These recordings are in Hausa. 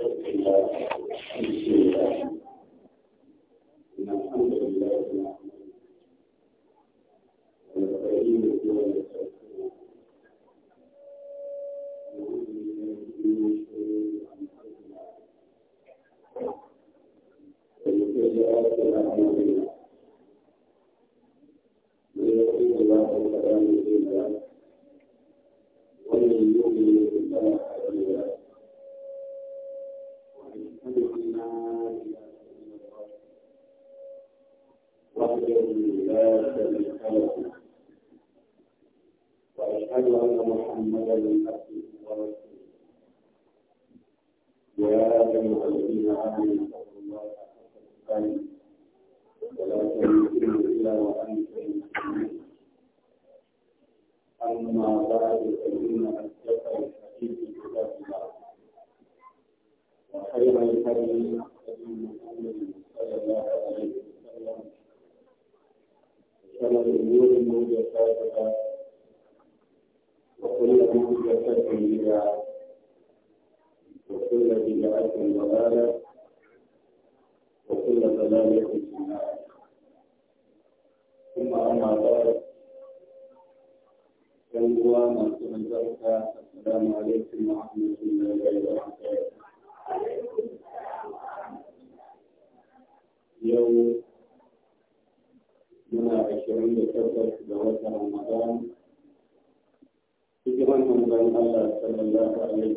Thank you. الله عليه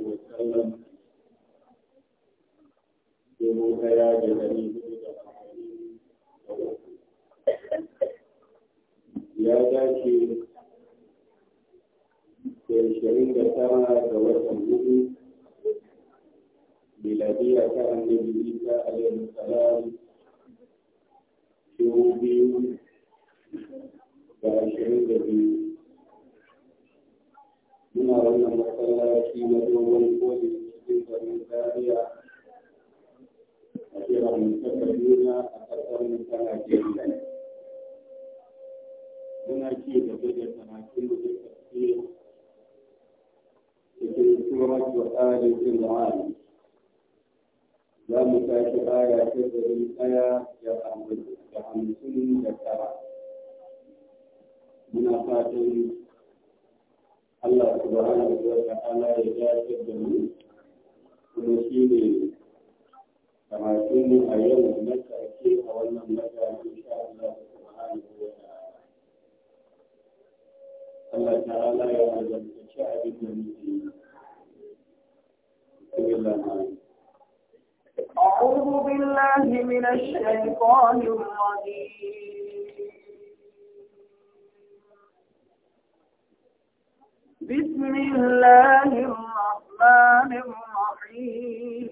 الله الرحمن الرحيم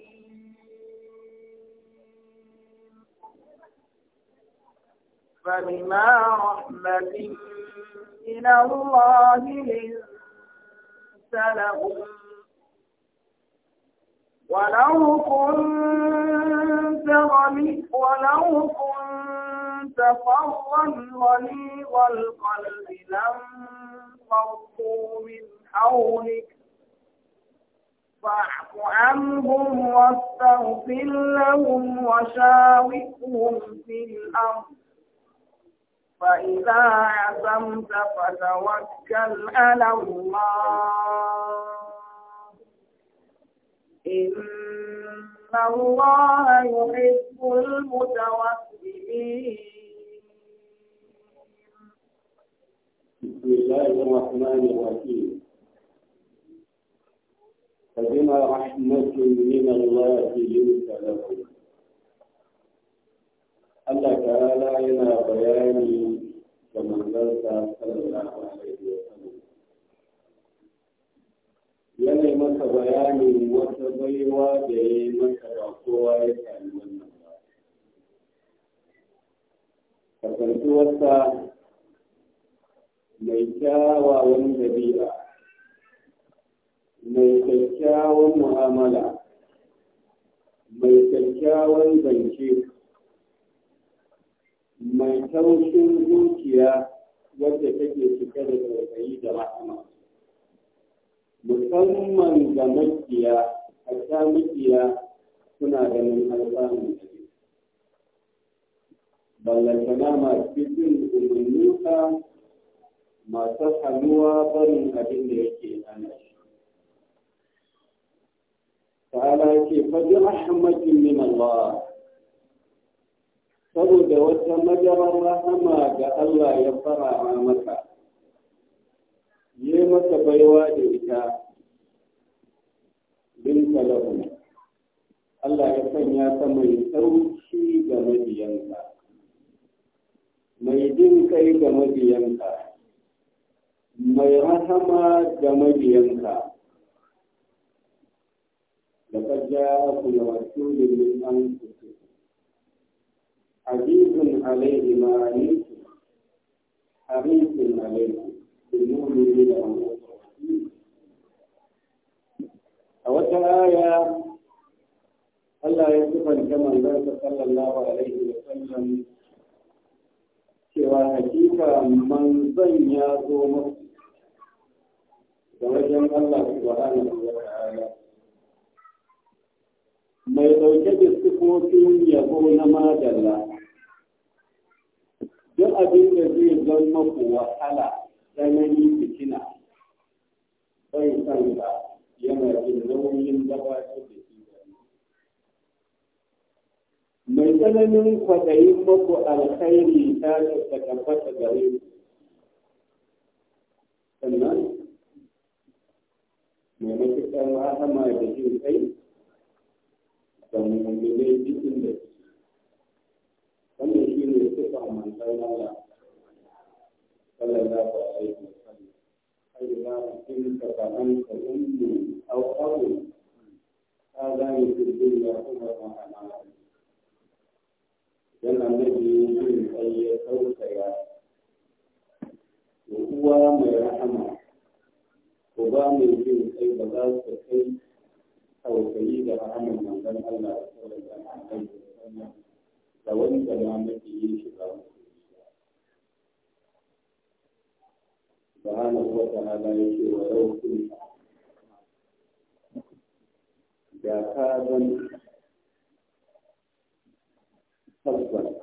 فبما رحمة من الله لنت لهم ولو كنت غني ولو كنت فظا غليظ القلب لانفضوا من قولك فاعف عنهم واستغفر لهم وشاورهم في الأرض فإذا عزمت فتوكل على الله إن الله يحب المتوكلين بسم الله الرحمن الرحيم فبما رحمة من الله لنت لهم Allah ta'ala yana bayani ga manzansa sallallahu alaihi wa sallam yana masa bayanin wata baiwa da ya yi masa ba kowa ya sami wannan ba kasantuwarsa mai kyawawan dabi'a mai kyakkyawan mu'amala mai kyakkyawan zance mai taushin zuciya wadda take cike da tausayi da rahama musamman ga makiya hatta makiya suna ganin alfanu da ne ballantana masu jin umarninka masu hannuwa barin abin da yake hana ta'ala ke faɗi rahmatin min Allah saboda wata madarar rahama ga Allah ya fara maka yi masa baiwa da ita bin lahu Allah ya sanya ta mai sauki ga mabiyanka mai jin kai ga mabiyanka mai rahama ga mabiyanka لقد جاءكم رسول من أنفسكم عزيز عليه ما عنيتم حريص عليكم بالمؤمنين a wata aya Allah ya sifanta manzansa sallallahu alaihi wa cewa hakika manzan ya zo masu da wajen Allah subhanahu wa ta'ala mai dauke da sifofin yabo na madalla duk abin da zai zan maku wahala tsanani fitina bai san ba yana jin nauyin gabatar da shi mai tsananin kwaɗayin maku alkhairi ta ta tabbata gare ku sannan mai matuƙar rahama da jin kai da mummune da inda wannan shi ne suka mantar Allah sallallahu alaihi wa sallam kai da in ka ba an ka ummu aw aw ka ga ya kuma ma'ana yana nabi yin kai ya tausaya uwa mai rahama uba mai jin kai ba za su kai tausayi da rahamin manzon Allah da sallallahu alaihi wasallam da wanda ma mafi yin shi ba subhanahu wa ta'ala yake wa yau kun da ka zan tabbas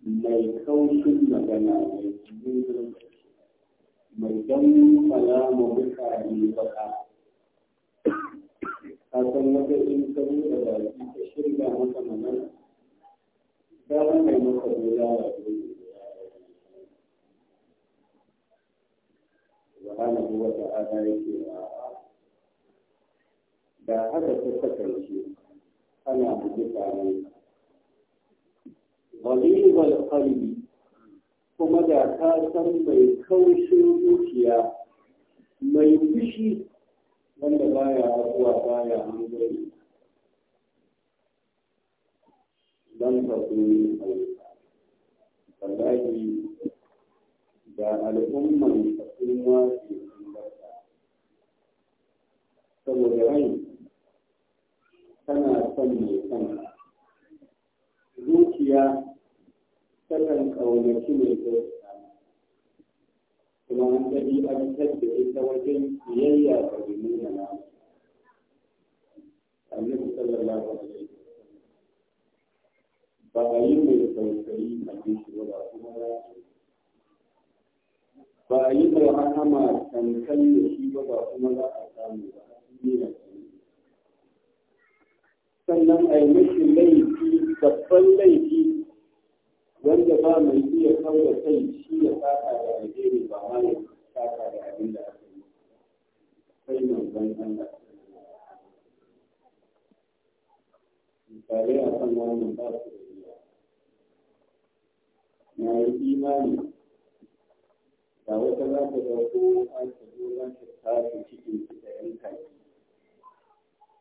mai kaushin magana mai jirgin mai don kalamu mutane baka a san wata in ka buɗe baki ka shirya maka magana za a kai maka dola wa subhanahu wa ta'ala yake ba. da haka ta kasance ana buɗe ne غليظ القلب kuma da ka san mai kaushin zuciya mai fushi wanda baya zuwa baya hangari don ka kuni wallahi da al'umman ka sun wace sun saboda rai tana son mai kanka zuciya takan ƙaunaci mai kanka kuma an ɗabi'antar da ita wajen biyayya ga nuna na annabi sallallahu alaihi ba a yi mai tausayi a shi ba kuma ba a yi mai rahama tankan da shi ba ba kuma za a samu ba a duniya sannan a yi mishi laifi babban laifi wanda ba mai iya kawo kai shi ya saka da alheri ba ma ya saka da abin da aka yi sai manzon Allah misalai a kan wannan ba su da iya na yi imani da wata za ta dauko an ta zo za ta cikin da yanka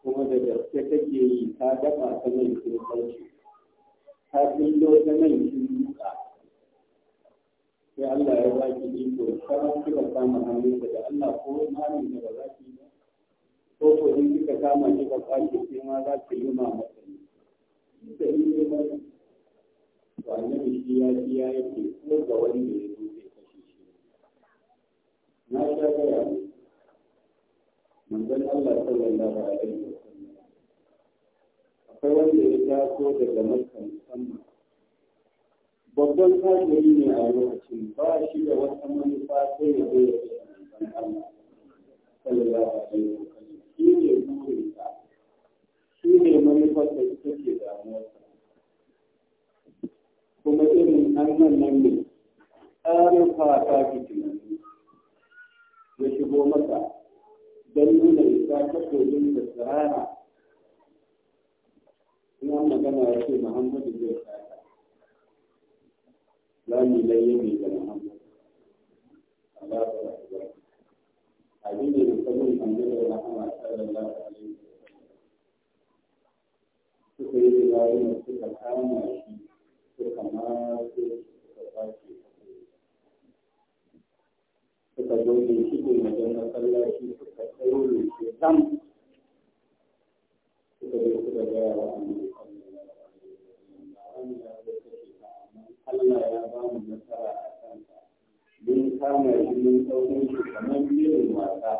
kuma da gaske take yi ta dafa ta mai kirkanci ta kullo ta nan shuka sai Allah ya ba ki iko kamar kika kama hannun da Allah ko mani da ba za ki ba ko ko in kika kama kika kwace sai ma za ki yi ma masa da in ne ba to annabi shi ya ji ya yake ko ga wani wanda ya zo zai kashe shi na sha gaya manzon Allah sallallahu alaihi akwai wanda ya taso daga makka musamman babban kafiri ne a lokacin ba shi da wata manufa sai ya zo ya ce Allah sallallahu alaihi wa sallam shi ne burinsa shi ne manufar da ita ke damuwarsa kuma irin annan nan ne tsarin fata ke tunani ya shigo maka don nuna isa ta domin da tsara in an magana ya ce muhammadu zai tsaya za mu layyami da muhammadu Allah ta rasu abin da ya sabon annabi rahama sallallahu alaihi suka yi dabarun suka kama shi suka mace suka kwace suka zo da shi ne wajen masallaci suka tsaye shi zam suka je suka gaya wa annabi Allah ya ba mu nasara a kanka mun kama shi mun sauƙin shi kamar birin wasa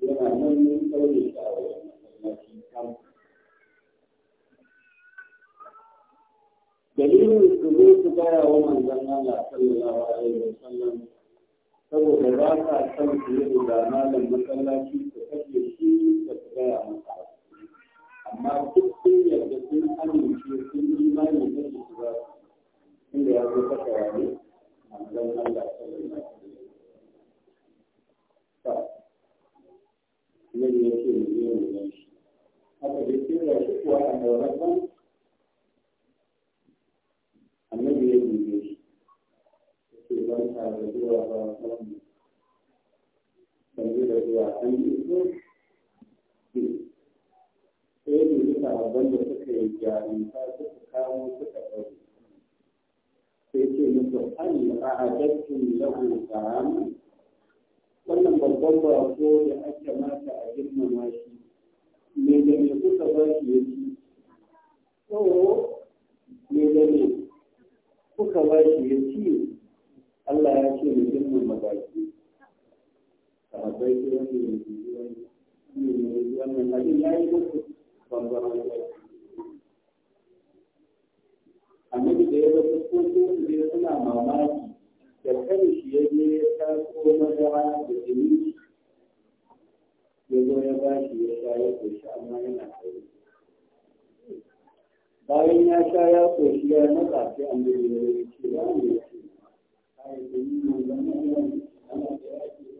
yana nan mun sauƙin shi a wajen masallaci kan dalilin su zo su gaya wa manzon Allah sallallahu alaihi wa sallam saboda ba sa son su yi da malam masallaci su kashe shi da su gaya masa amma duk sun yarda sun amince sun imani da su za su inda ya zo kasa wani a mazan Allah ta shi kuwa a annabi ya shi. ban ta da zuwa ba ban da zuwa an yi Sai da suka yi jarumta suka kawo suka ɗauki. sai ce musu hal a'adattum lahu ta'am wannan babban bako da aka mata a girmama shi me da me kuka ba shi ya ci tsawo me da me kuka ba shi ya ci Allah ya ce mu girmama baki sahabbai sai wannan ne wannan abin ya yi muku bambam annabi da ya suna mamaki da kan shi ya je ya taso madara da jini ya zo ya ba shi ya sha ya koshi amma yana kai bayan ya sha ya koshi ya matsa sai annabi ya yi ce ba ne ya ce a yi jini ne zama yawan ana da ya ce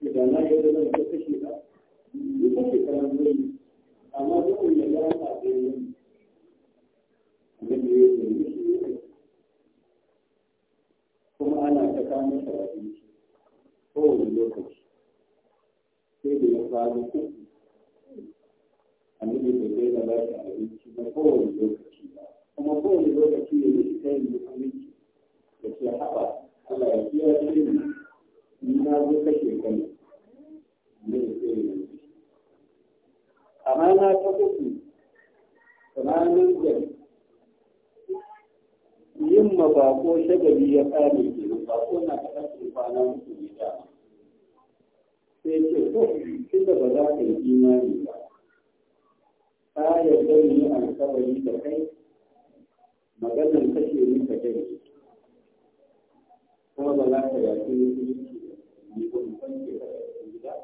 idan na yi zama da kashe ba ni kashe karan zai amma duk wanda ya ga yi abin da ana ta kama ta abinci kowane lokaci sai abinci kowane lokaci kuma ne ni na zo kashe kai ne sai ta uku ranar da yin ma bako shagali ya kare kenan bako na kaɗan su kwana musu ne da sai ce ko da ba za ka yi imani ba ka yarda ne alkawari da kai maganar kashe ni ka dai kuma ba za ka yaƙi musulunci da ni ko mutum ke da gida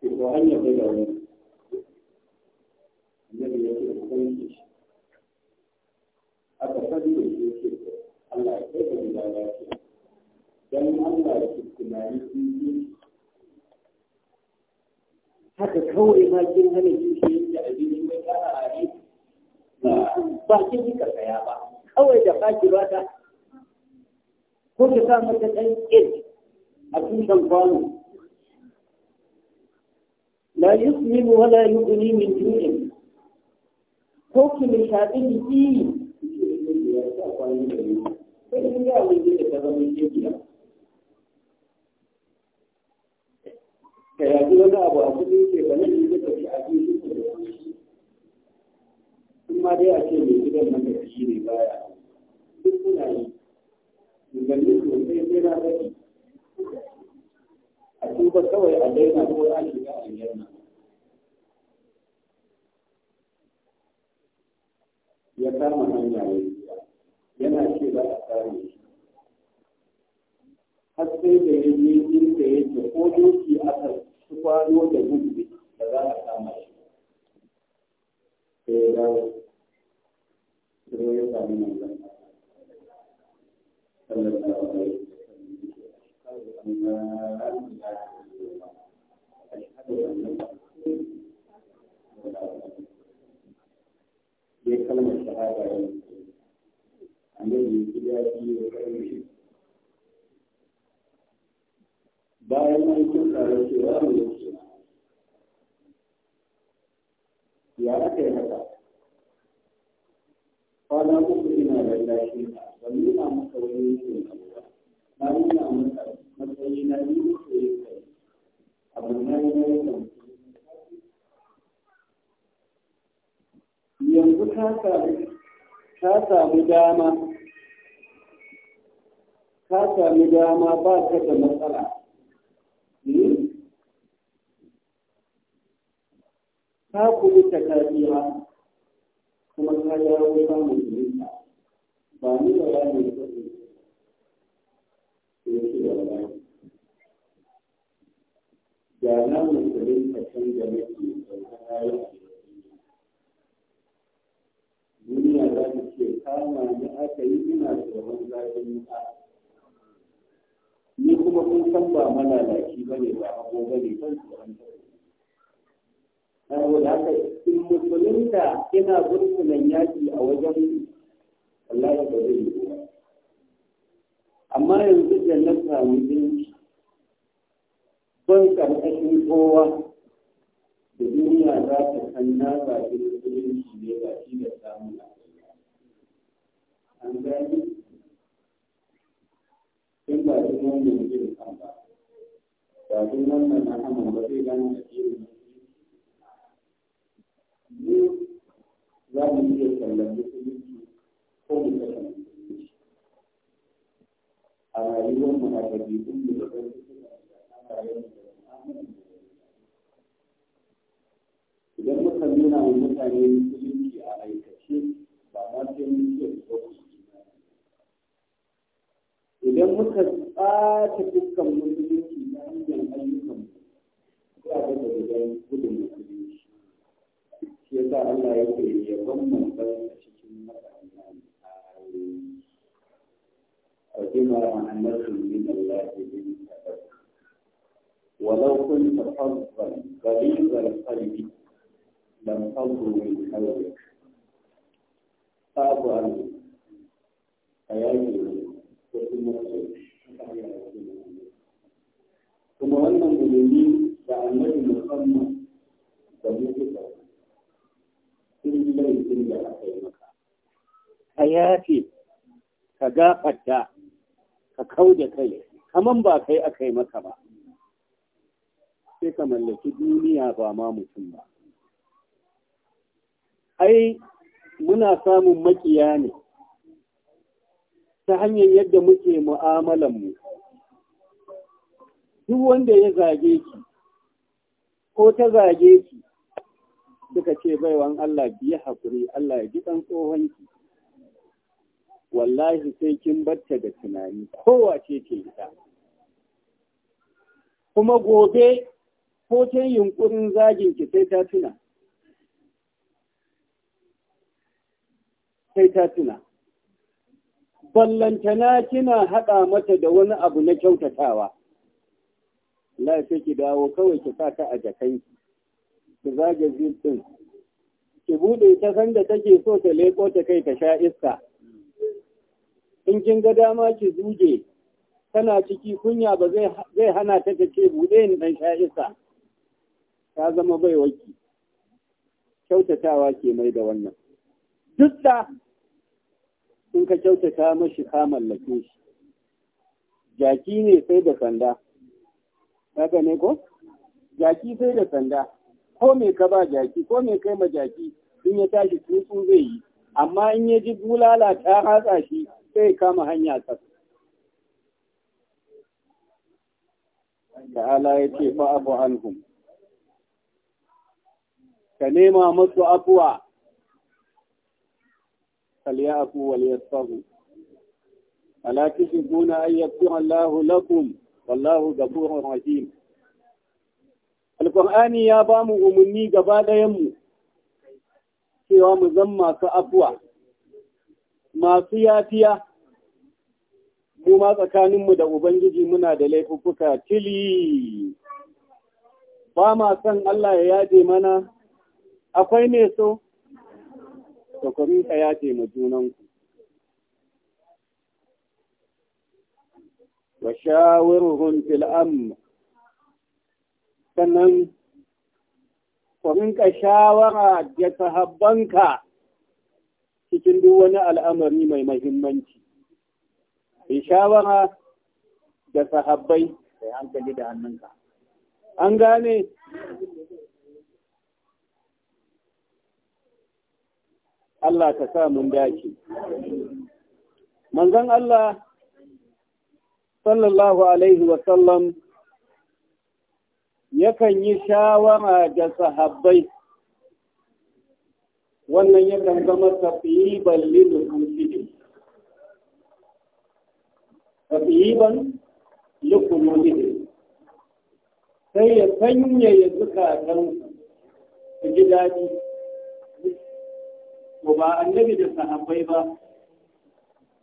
ke ko hanyar da wani annabi ya ce ku kan shi aka sani da shi ke Allah ya kai da gida lafiya dan Allah ya tunani sun haka kawai ma kin hana kishi yadda abin mai kana a ne ba kin yi karkaya ba kawai da baki rata ko ki sa mata dan kin a cikin kwano la yusmin wala yughni min ju'in ko ki nishaɗi ki ya wani da ta zama shekiya ka yaji wani abu a cikin ke ba nan da tafi a cikin shi da in ma dai a ce mai gidan nan da shi ne baya duk suna yi ganin sosai sai na zaki a tuba kawai a daina ko an shiga a yarna ya kama hanya ya yana ce za a kare shi har sai da ya je inda yake ko doki sami dama ka sami dama ba ka da matsala hmm? ka kuɗi ta kariya kuma ka dawo samun zumunta ba ni da wani da yake da wani da na can da nake da kama ni aka yi ina tsoron zafin wuta ni kuma kun san ba malalaci ba ne ba abu ba ne ban tsoron saboda haka in musulun da ina gurkunan yaki a wajen wallahi ba zai yi amma yanzu da na samu dinki ban karkashin kowa da duniya za ta san na zaɓi ne ba shi da samun an in ba duk wanda ya ji kan ba ba duk wannan na ba zai gane a cikin ne za mu iya kallon musulunci ko mu kasa musulunci a rayuwar mu a ɗabi'un mu da ɗan idan muka nuna wa mutane musulunci a aikace ba ma sai mun iya ba idan muka ɓata dukkan musulunci na hanyar ayyukan za a daga gidan gudun musulunci shi ya sa Allah ya ce ya gwamnan bayan a cikin matsayin ayoyi a jima ma'anar min Allah ya ولو كنت فظا غليظ القلب لم فضوا من حولك صعب أن أيامي kuma wannan ilimi da annabi musamman da muke da sun laifin da aka yi maka ka yafe ka gafarta ka kau da kai kaman ba kai aka yi maka ba sai ka mallaki duniya ba ma mutum ba ai muna samun makiya ne ta hanyar yadda muke mu'amalanmu duk wanda ya zage ki ko ta zage ki suka ce baiwan Allah biya haƙuri Allah ya ji ɗan tsohonki wallahi sai kin batta da tunani kowace ce ita kuma gobe ko ta yunkurin ki sai ta tuna sai ta tuna na kina haɗa mata da wani abu na kyautatawa Lafi ki dawo kawai ki sa ta a jakanki ki zage zin ki buɗe ta sanda take so ta leko ta kai ta sha iska in kin ga dama ki zuge tana ciki kunya ba zai hana ta ta ce buɗe ni ɗan sha iska ta zama baiwarki kyautatawa ke mai da wannan duk da in ka kyautata mashi ka mallake shi jaki ne sai da sanda haka ne ko jaki sai da sanda ko me ka ba jaki ko me kai ma jaki in ya tashi ku zai yi amma in ya ji bulala ta hatsa shi sai kama hanya tsaka ta'ala ya ce fa abu anhum ka nema masu afuwa فليعفوا وليصفحوا ألا تحبون أن يغفر الله لكم والله غفور رحيم Alƙur'ani ya ba mu umarni gaba في cewa mu zan masu afuwa, masu yafiya, mu tsakaninmu da Ubangiji muna da laifuka, tili. Ba ma son Allah ya yaje mana, akwai ne so, da ya ce ma junanku. Wa shawiruhum fil’amma, sannan ku shawara da sahabbanka cikin duk wani al'amari mai mahimmanci. Bi shawara da sahabbai, sai hankali da hannunka. An gane Allah ka sa mun dace Manzan Allah sallallahu alaihi wasallam yakan yi shawara da sahabbai wannan yakan zama tafiyiban lil anfidi tafiyiban likulubidi sai ya sanya ya zukatan su ji daɗi ko ba annabi da sahabbai ba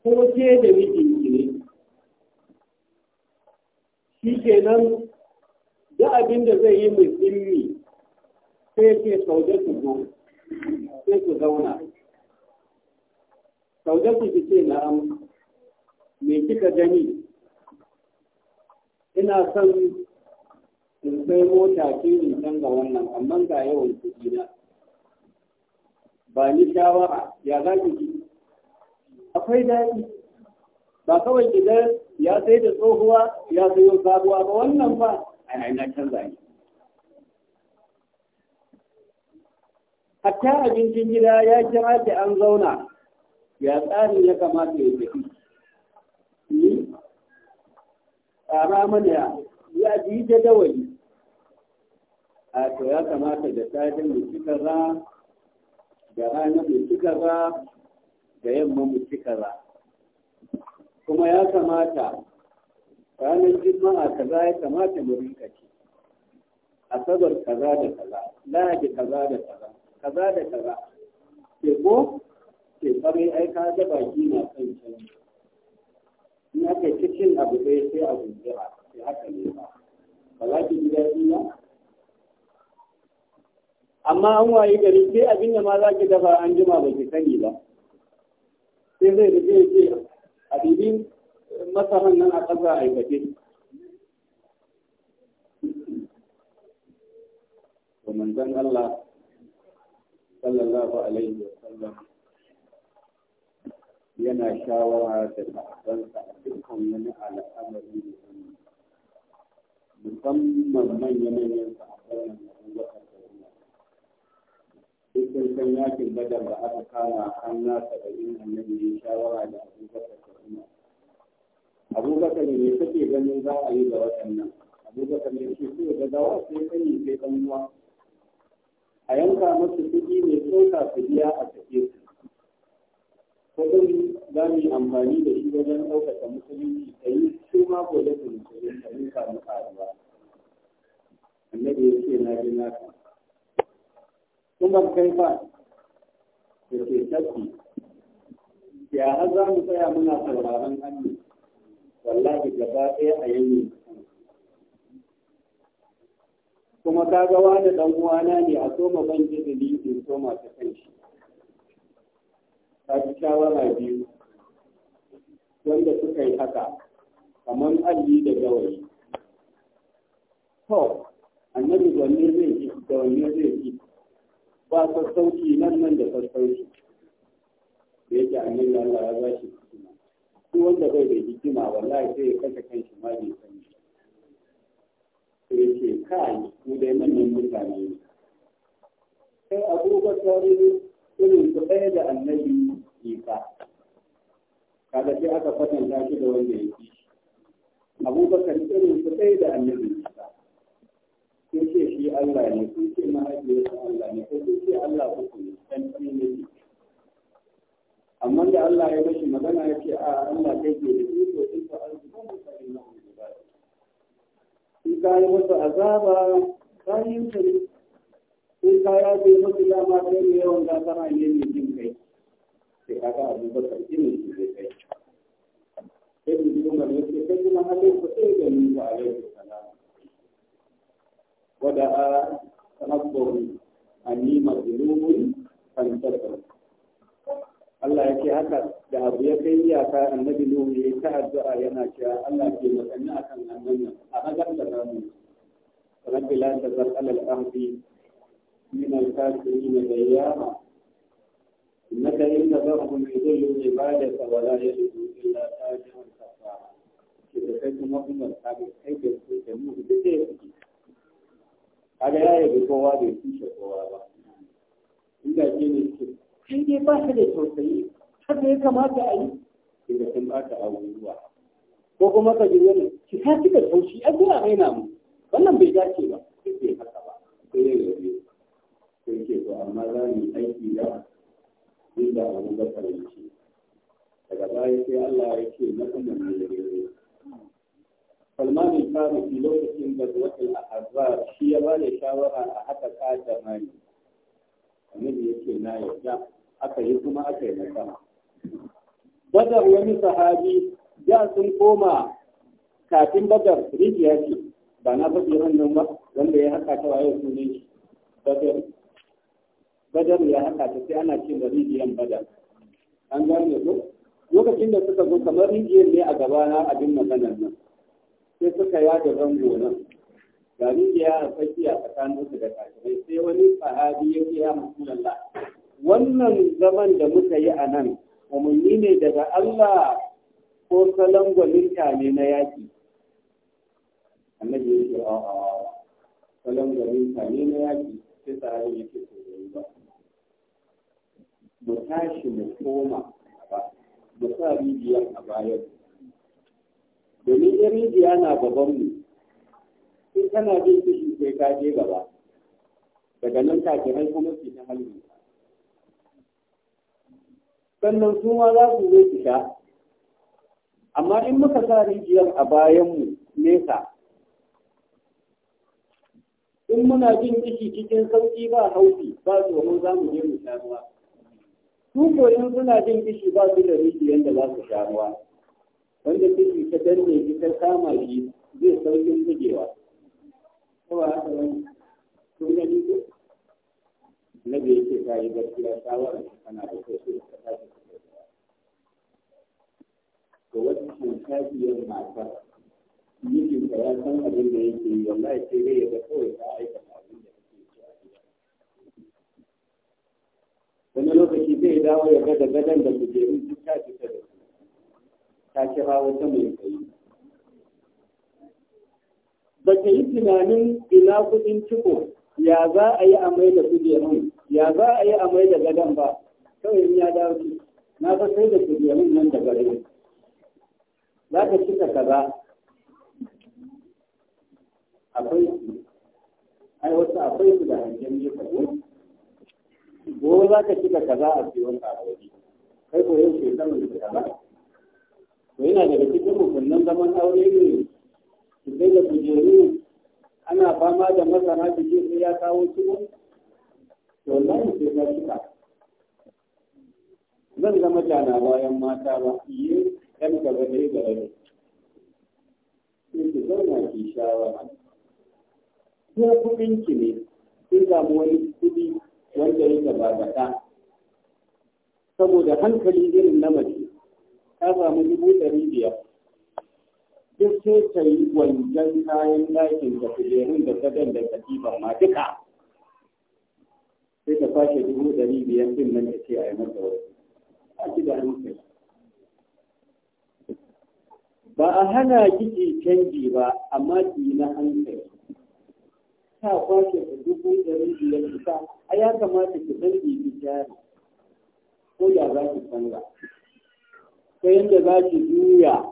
ko ke da mijinki ne shi kenan da abin da zai yi musulmi sai ke saude ku zo sai ku zauna saude ku ki ce na'am me kika gani ina son in sai mota ke in canza wannan amma ga yawan kuɗi na ba ni shawara ya za ki ji akwai daɗi ba kawai kidan ya sai da tsohuwa ya sayo sabuwa ba wannan ba a na canza ne hatta abincin gida ya kira da an zauna ya tsarin ya kamata ya tafi ni tsara mana ya ji jadawali a to ya kamata da tsarin da kika ra da rana mu ci da yamma mu kuma ya kamata ranar juma'a kaza ya kamata mu rinka ci asabar kaza da kaza lahadi kaza da kaza kaza da kaza ke ko ke kwarai ai ka ga baki na kan can ina ka cikin abu ɗaya sai abu jira sai haka ne ba ba za ki ji daɗi ba amma an waye gari sai abin da ma za ki dafa an jima ba ki sani ba sai zai da zai ce a bibin masaran nan a ƙasa aikace to manzon Allah sallallahu alaihi wa sallam yana shawara da sahabbansa a dukkan wani al'amari musamman manya-manyan sahabban nan dukkan yakin badar da aka kama an na saba'in annabi ya shawara da abubakar da umar abubakar ne kake ganin za a yi da waɗannan abubakar ne ke so da gawa sai sani sai ɗan uwa a yanka masu kuɗi mai sauka su biya a sake su kuɗin za mu yi amfani da shi wajen ɗaukaka musulunci ta yi su ma gobe da musulunci ta yi samu ƙaruwa annabi ya ce na ji naka kuma kai ba da ke tafi ya har za mu tsaya muna sauraron hannu wallahi gaba ɗaya a yanyi kuma ka gawa da ɗan uwana ne a soma ban jizili in soma ta kan shi ta fi shawara biyu wanda suka yi haka kamar alli da gawayi to annabi wanne zai ji da wanne zai ji ba sassauci nan nan da sassauci da yake da Allah ya ba shi hikima duk wanda bai da hikima wallahi sai ya kashe kanshi ma bai sani sai ya ce kai Ku dai manyan mutane ne sai abubakar irin su ɗaya da annabi isa kaga sai aka kwatanta shi da wanda ya fi abubakar irin su ɗaya da annabi sun ce shi Allah ne sun ce mahaifiyarsa Allah ne ko sun ce Allah uku ne dan ɗan ne amma da Allah ya mashi magana ya ce a Allah kai ke da iko in fa arzukum fa innahu ibadu in ka yi masa azaba ka yi masa in ka ya ce masa dama kai ne yawan gafara ne ne jin kai sai ka ga abubakar irin su zai kai sai su ji kuma ne sai kai kuma halin ku sai ga ni ba alaikum ودعا تنبه أني مظلوم فانتظر Allah ya ce haka da abu ya kai iyaka annabi Nuhu ya ta addu'a yana cewa Allah ke makanni akan annabi a hakan da zamu rabbi la tazar alal ardi min al kafirin dayyama innaka in tazarhum yudillu ibadaka wa la yadillu illa fajiran da kai kuma ta kaga ya da kowa bai tushe kowa ba inda ke ne ke kai dai ba ka da tausayi haka ya kamata a yi daga sun baka abubuwa ko kuma ka ji wani ki ta da taushi a kuna mu wannan bai dace ba sai ke haka ba sai ya yabe sai ke to amma za mu yi aiki da inda abu bakar ce. daga baya sai Allah ya ce na kuma ne yabe salman Faru farisi lokacin da zuwatul ahzab shi ya bada shawara a haka kata mani annabi yake na yarda aka yi kuma aka yi nasara badar wani sahabi ya sun koma kafin badar rijiya ce ba na faɗi wannan ba wanda ya haka ta waye su ne badar badar ya haka ta sai ana cin da rijiyan badar an gane ko lokacin da suka zo kamar rijiyan ne a gabana abin maganar nan sai suka yada zango nan gari da ya a tsakanin su da kafirai sai wani sahabi ya ce ya musulalla wannan zaman da muka yi a nan umarni ne daga Allah ko salon gwaninta ne na yaki annabi ya ce a salon gwaninta ne na yaki sai sahabi ya ce ko zai ba mu tashi mu koma ba mu sa rijiyar a bayan domin yan rijiya na gaban mu in kana jin kishi sai ka je gaba daga nan kafirai kuma su ta halin sannan su ma za su zo su amma in muka sa rijiyar a bayanmu nesa in muna jin ciki cikin sauƙi ba haufi ba domin za mu je mu sha ruwa. Su koyin suna jin kishi ba su da rijiyar da za su sha ruwa. wanda ciki ta danne shi ta kama shi zai saukin bugewa kawai haka wani sun gani ko na da ke ka yi gaskiya shawara kana da kai sai ka tashi ka kai to wata shafiyar matar mijinka ya san abin da yake yi wallahi sai dai ya ga kawai ta aikata abin da kake yi a gida wani lokaci zai dawo ya ga da gadon da kujerun duk ta fita da ta kira wata mai kai ba ta yi tunanin ina kudin ciko ya za a yi amai da kujerun ya za a yi amai da gadon ba kawai ya dawo na fa sai da kujerun nan da gare za ka cika kaza akwai su ai wasu akwai su da hanyar yi ka gobe za ka cika kaza a siyon a waje kai ko yau shekaru da kaza to yana daga cikin rukunin zaman aure ne su kai da kujeru ana fama da masana su ce ya kawo tuwo to nan sai ka cika zan zama jana bayan mata ba yi ɗan gaba ɗaya ga ɗaya sai ki zauna ki shawara ko kuɗin ki ne sai samu wani kuɗi wanda ya gabata? saboda hankali irin na mace ka samu dubu ɗari biyar duk sai ka yi wanjan kayan ɗakin da kujerun da gadon da katifan ma duka sai ta kwashe dubu ɗari biyar ɗin nan da ce a yi masa wasu a ci da hankali ba a hana kiki canji ba amma ki na hankali ta kwashe da dubu ɗari biyar ita a ya kamata ki san ki jari ko ya za ki canza ta yadda za ki juya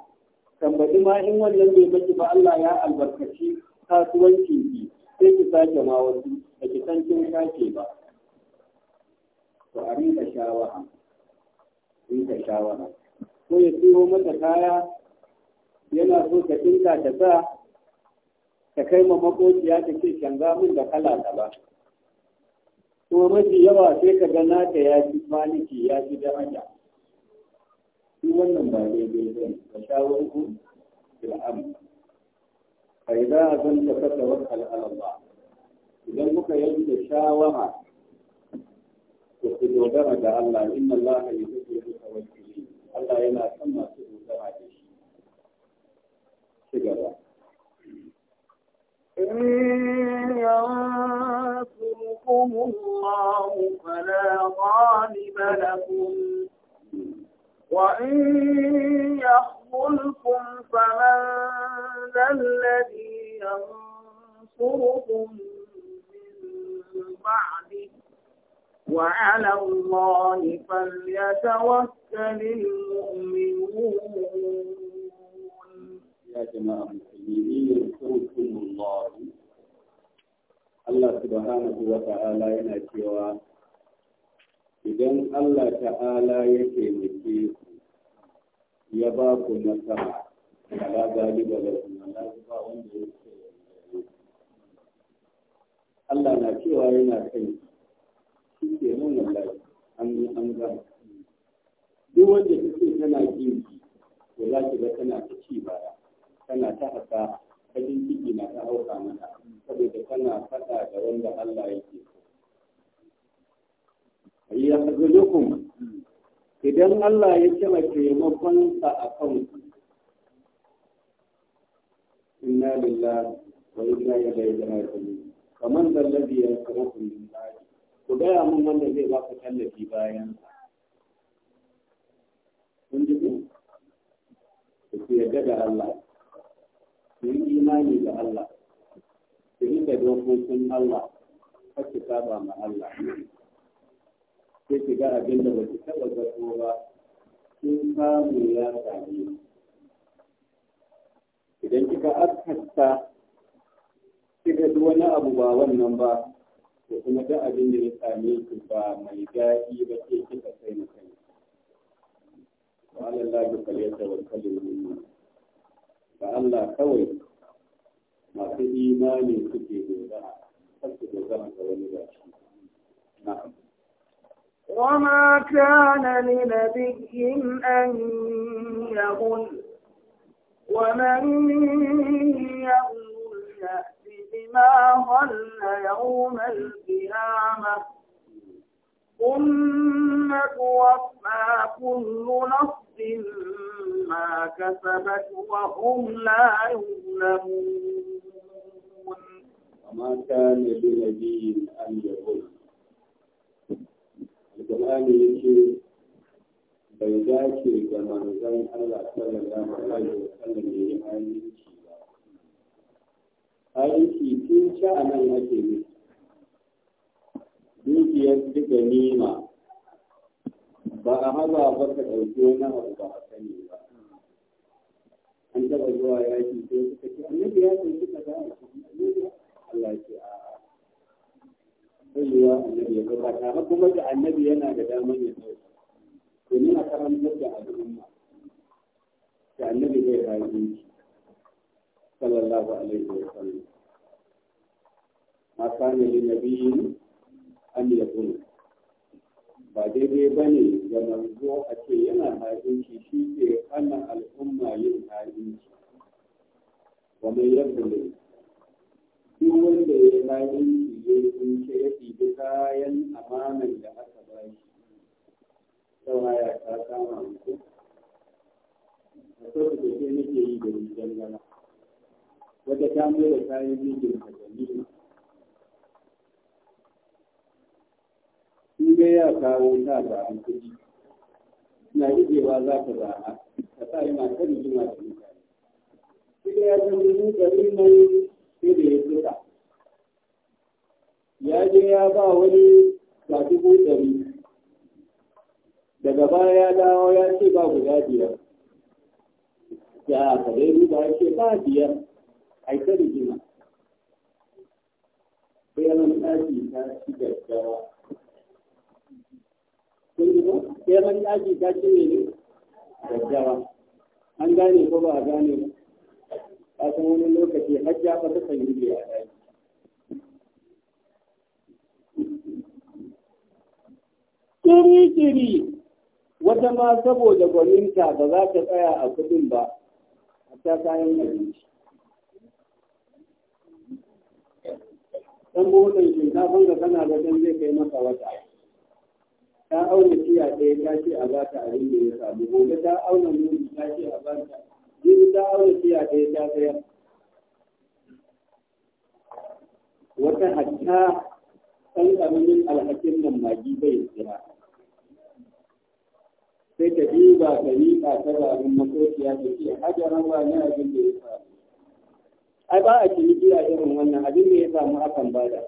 tambaci ma in wannan bai maki ba Allah ya albarkaci kasuwancin ki sai ki sake ma wasu da ki san kin sake ba to a rinka shawara rinka shawara ko ya turo mata kaya yana so ka tinka ta sa ka kai ma makociya ta ce canza min da kala da ba kuma mafi yawa sai ka ga naka ya ji maliki ya ji daraja shi wannan ba daidai ba ne ka shawar ku bil'am fa idza azanta fa tawakkal ala Allah idan kuka yanke shawara to ku dogara ga Allah inna Allah yuhibbu al Allah yana son masu dogara da shi ci gaba إن ينصركم الله فلا غالب لكم وإن يخذلكم فمن ذا الذي ينصركم من بعده وعلى الله فليتوكل المؤمنون يا جماعة المسلمين يذكركم الله الله سبحانه وتعالى ينأتي idan Allah ta'ala ya taimake ku ya ba ku nasara ala galiba da Allah ba wanda ya ce Allah na cewa yana kai shi ke nan wallahi an yi an duk wanda take tana jin ki to za ki ga tana ta ci baya tana ta haka kajin ciki na ta hauka mata saboda tana faɗa da wanda Allah yake ya hazurukum idan Allah ya kira taimakonsa a kan inna lillahi wa inna ilaihi raji'un kaman da ladhi yakrukum min ba'di ku gaya mun wanda zai ba ku tallafi bayan kun ji ku yarda da Allah ku yi imani da Allah ku yi da dokokin Allah kar ku ma Allah sai ki ga abin da ba ki taɓa zato ba kin samu ya same idan kika askasta kika ji wani abu ba wannan ba to kuma ga abin da ya same ki ba mai daɗi ba ke kika sai na kai wa Allah ya kalyata wa kalimatu Ba Allah kawai masu imani suke dogara, kar su dogara ga wani gashi. Na'am. وما كان لنبي أن يغل ومن يغل يأت بما غل يوم القيامة ثم توفى كل نفس ما كسبت وهم لا يظلمون وما كان لنبي أن يغل Qur'ani yake bai dace ga manzon Allah sallallahu alaihi wa sallam ba. Aiki tun sha a nan ake nufi. Dukiyar duka nima ba a haza ba ka ɗauki wani abu ba a sani ba. An taɓa zuwa yaki sai suka ce annabi ya ɗauki ka za a Allah ce a sai ya annabi ya kafa tare kuma da annabi yana da damar ya kafa domin a karantar da al'umma da annabi zai rayu sallallahu alaihi wa sallam ma kana lin nabiyyi an kuma ba daidai ba ne ga manzo a ce yana hajjinki shi ke hana al'umma yin hajjinki wa mai yadda ne duk wanda ya bayan ya ce ya ɗibi kayan amanan da aka ba shi sau ya ta kama muku a sau da ke nake yi da rigar gana wata ta mai da kayan rijan ka da in dai ya kawo ta ba an kuɗi na rijewa za ka za'a ka sa yi masu rijima da mutane. Shi ya zama ni gari mai sai da ya tsira ya je ya ba wani ba dubu ɗari daga baya ya dawo ya ce ba guda biyar ya kare duba ba ce ba biyar a ita jima. sai ya nan ta ci gaggawa sai ya nan ta ci ne gaggawa an gane ko ba a gane ba a wani lokaci har ya fata kan yi a kiri-kiri wata ma saboda gwaninta ba za ta tsaya a kudin ba a ta kayan abinci dan shi ta fanga tana da dan zai kai masa wata ta auna tiya ɗaya ta ce a za ta abin da ya samu gobe ta auna mutu ta ce a ba ta in ta aure siya ta ta sayar wata hatta ɗan ƙaramin alhakin nan magi bai siya sai ta duba ta riƙa ta zaɓin makociya ta ce hajjaran ba ne abin da ya faru. ai ba a ciniki jiya irin wannan abin da ya samu akan bada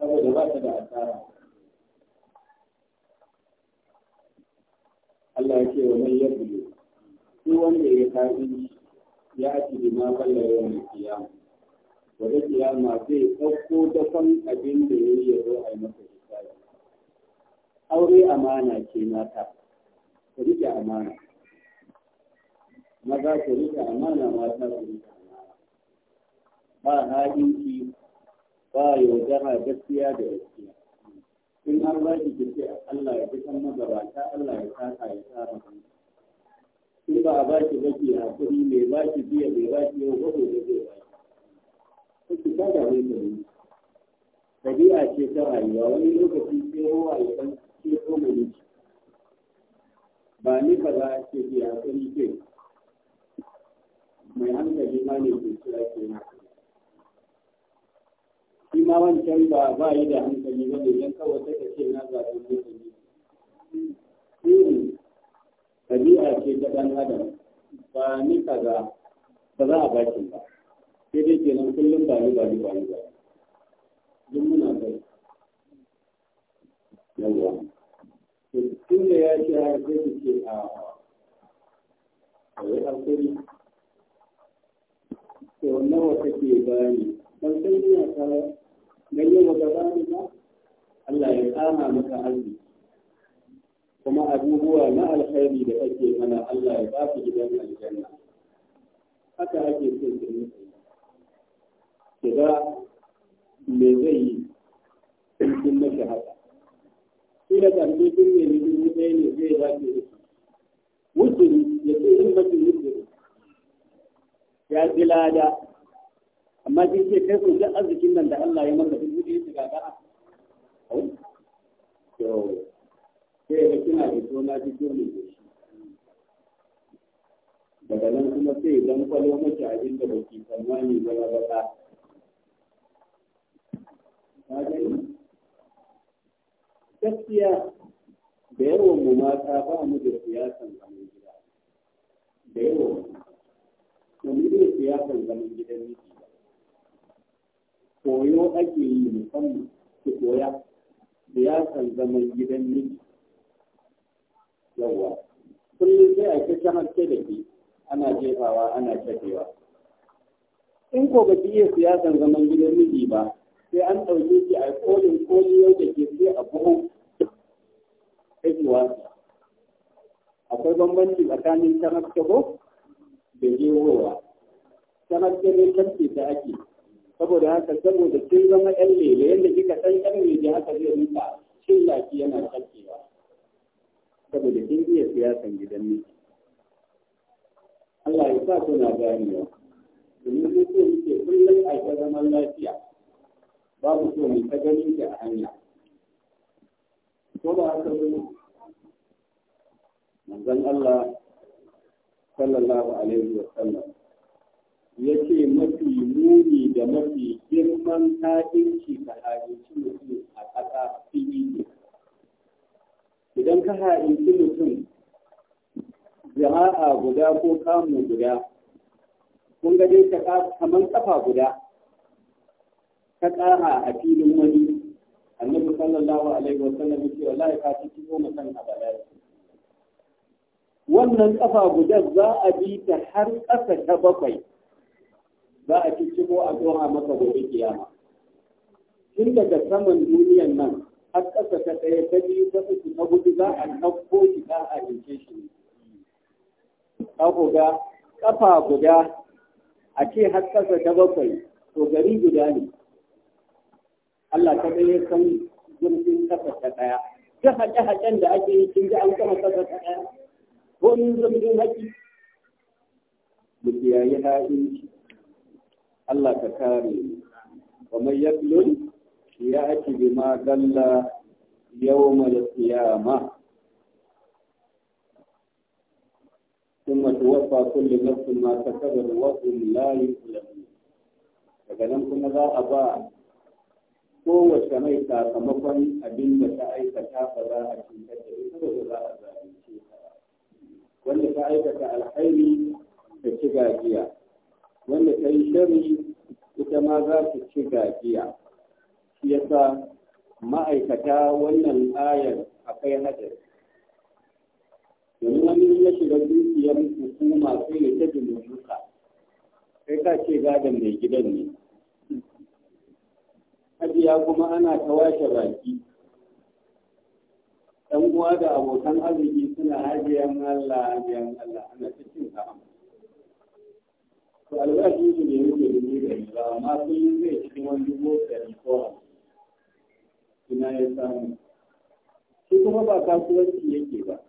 saboda ba ta da asara Allah ya ce wa mai yadda duk wanda ya kafi ya ci bi ma balla yawan kiyama wanda kiyama zai ɗauko dafan abin da ya yi ya zo a yi masa hisabi aure amana ce mata ku rike amana maza ku rike amana mata ku rike amana ba haɗinki ba yaudara gaskiya da gaskiya in an ba ki ki ce Allah ya fi san magabata Allah ya saka ya tsara hankali in ba a ba ki ba ki hakuri mai ba ki biya mai ba ki yau gwado da zai ba ki ta dame ka ne ɗabi'a ce ta rayuwa wani lokaci sai rowa ya san ce ko mai miki ba ni ka za ke ki hakuri ke mai hankali ma ne ke kira ke na shi ma wancan ba ba yi da hankali ba ne don kawai ta ce na zaɓi ne ɗabi'a ce ta ɗan adam ba ni kaza ba za a baki ba sai dai kenan kullum ba ni ba ni ba ni ba duk muna bai yawwa tun da ya ce har sai su ce a wai hakuri to nawa kake bani ban san ina ka ganyen wata bani ba Allah ya kama maka arziki kuma abubuwa na alkhairi da ake mana Allah ya ba gidan aljanna haka ake so ki yi ki ga me zai yi in kin mashi haka shi da karfi kin ne ni dubu ɗaya ne zai ba ki uku wuturi ya ce in mashi wuturi ya ji lada amma kin ce kai ku duk arzikin nan da Allah ya maka dubu ɗaya su gagara. Yau, sai ga kina da tona fito ne da shi daga nan kuma sai dan kwalo mace abin da baki tsammani ba na baka ka gani gaskiya da yawan mu mata ba mu da siyasan zaman gida da yawan mu mu da siyasan zaman gidan miji koyo ake yi musamman ki koya siyasan zaman gidan miji yawwa kullum sai a ta ce da shi ana jefawa ana cafewa in ko ba iya siyasar zaman gidan miji ba sai an ɗauke shi a kolin yau da ke sai a buhu kashewa akwai bambanci tsakanin ta haske ko da jewowa ta haske ne kamfe ta ake saboda haka saboda sun zama 'yan lele yadda kika san ɗan lele haka zai rika shin lafi yana kamfewa saboda kin iya siyasan gidan miji Allah ya sa kuna ganewa domin sun ce muke kullum a ga zaman lafiya babu so mu ta gani a hanya ko ba haka ba manzon Allah sallallahu alaihi wa sallam ya ce mafi muni da mafi girman ta'inci ka ta'inci mutum a ƙasa fili ne idan ka haɗi mutum jama'a guda ko kamu guda kun ga dai kamar kafa guda ka ƙara a filin wani annabi sallallahu alaihi wa sallam yake wallahi ka ci ko mutan abada wannan kafa guda za a bi ta har ƙasa ta bakwai za a ci ko a doha maka gobe kiyama tun daga saman duniyan nan har ƙasa ta ɗaya ta biyu ta uku na hudu za a ɗauko shi za a yanke shi ka ga ƙafa guda a ce har ƙasa ta bakwai to gari guda ne Allah ta ɗaya san zurfin ƙasa ta ɗaya ta haɗe-haɗen da ake yi kin ji an kama ƙasa ta ɗaya ko min zurfin haƙi mu kiyaye ha'in Allah ka kare mu kamar yablon ma yau يأتي بما قل يوم القيامة ثم توفى كل نفس ما كسبت وهم لا يظلمون daga nan kuma za a ba kowace mai sakamakon abin da ta aikata ba za a cutar da ita ba za a zalunce ta wanda ta aikata alhairi ta ci gajiya wanda ta yi shari ita ma za ta ci gajiya yasa ma'aikata wannan ayar akwai hadari domin wani ya shiga dukiyar hukuma sai ya ta dumurruka sai ka ce gadon mai gidan ne hajiya kuma ana ta washe baki ɗan uwa da abokan arziki suna hajiyan Allah hajiyan Allah ana ta cin haram to albashi ne nufin yake da ni da amma kullum zai cikin wani dubu ɗari ko hamsin ina ya samu shi kuma ba kasuwanci yake ba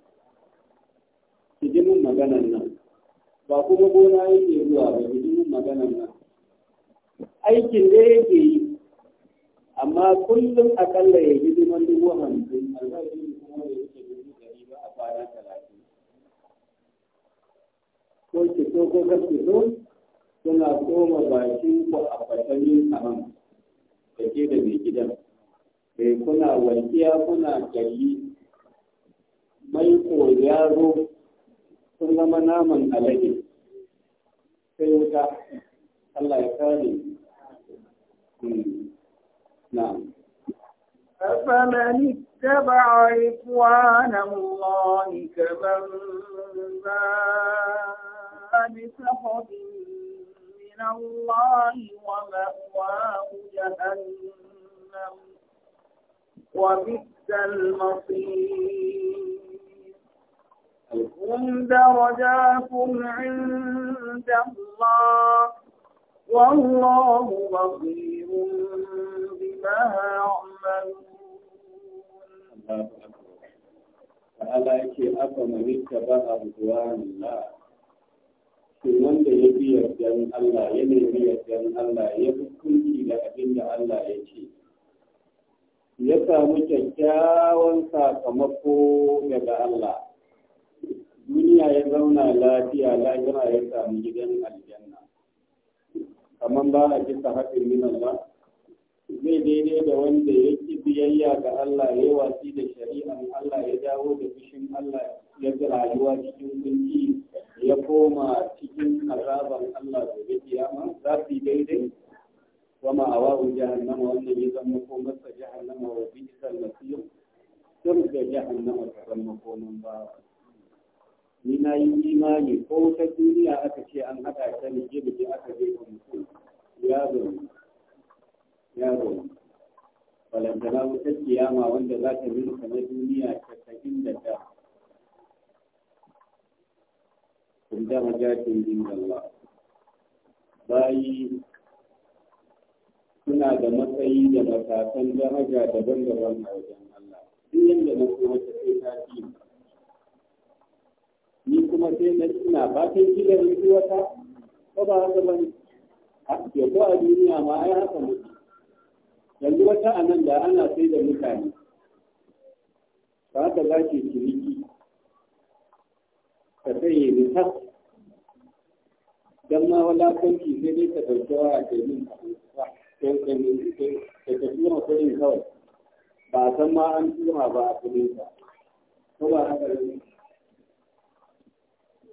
ki ji maganan nan ba kuma gona yake zuwa ba ki ji maganan nan aikin da yake yi amma kullum akalla ya yi zaman dubu hamsin albashi kuma ya yake dubu ɗari ba a kwana talatin ko ki so ko kar ki so suna koma bakin ku a fasalin haram da ke da mai gidan sai eh, kuna walƙiya kuna kalli maiko yaro sun zama naman alade sai wuta Allah ya kare hmm. na'am أفمن اتبع رضوان الله كمن باء بسخط من الله ومأواه جهنم وبئس المصير هم درجات عند الله والله بصير بما يعملون تعالى yake aka manita ba a ruwanla shi wanda ya biya yardan Allah ya nemi yardan Allah ya hukunci da abin da Allah ya ce ya samu kyakkyawan sakamako daga Allah duniya ya zauna lafiya lahira ya samu gidan aljanna kamar ba a kisa haɗin minan ba? zai daidai da wanda ya ki biyayya ga Allah ya wasi da shari'an Allah ya dawo da fushin Allah ya ga rayuwa cikin kunci ya koma cikin azaban Allah da ya kiyama za su yi daidai wama awahu jahannama wannan ya zama ko masa jahannama wa bi isal masir sir da jahannama ta zama ni na yi imani ko ta duniya aka ce an haɗa ta ne gibi aka je mutum yaro yaro balantana wata kiyama wanda za ta rinka na duniya casa'in da ta kun dama jakin din Ba bayi suna da matsayi da matakan daraja daban-daban a wajen Allah duk yadda na kuma ta sai ta fi ni kuma sai na tuna ba ta yi da rufi wata ko ba haka ba ne ya ko a duniya ma ai haka mutu yanzu wata a nan da ana sai da mutane ba haka za ke ciniki ka sanya ni tas don ma wala kanki sai dai ka ɗauki wa a kai min kuɗi ta tura kudin kawai ba san ma an tura ba a kudin ka ko ba haka ne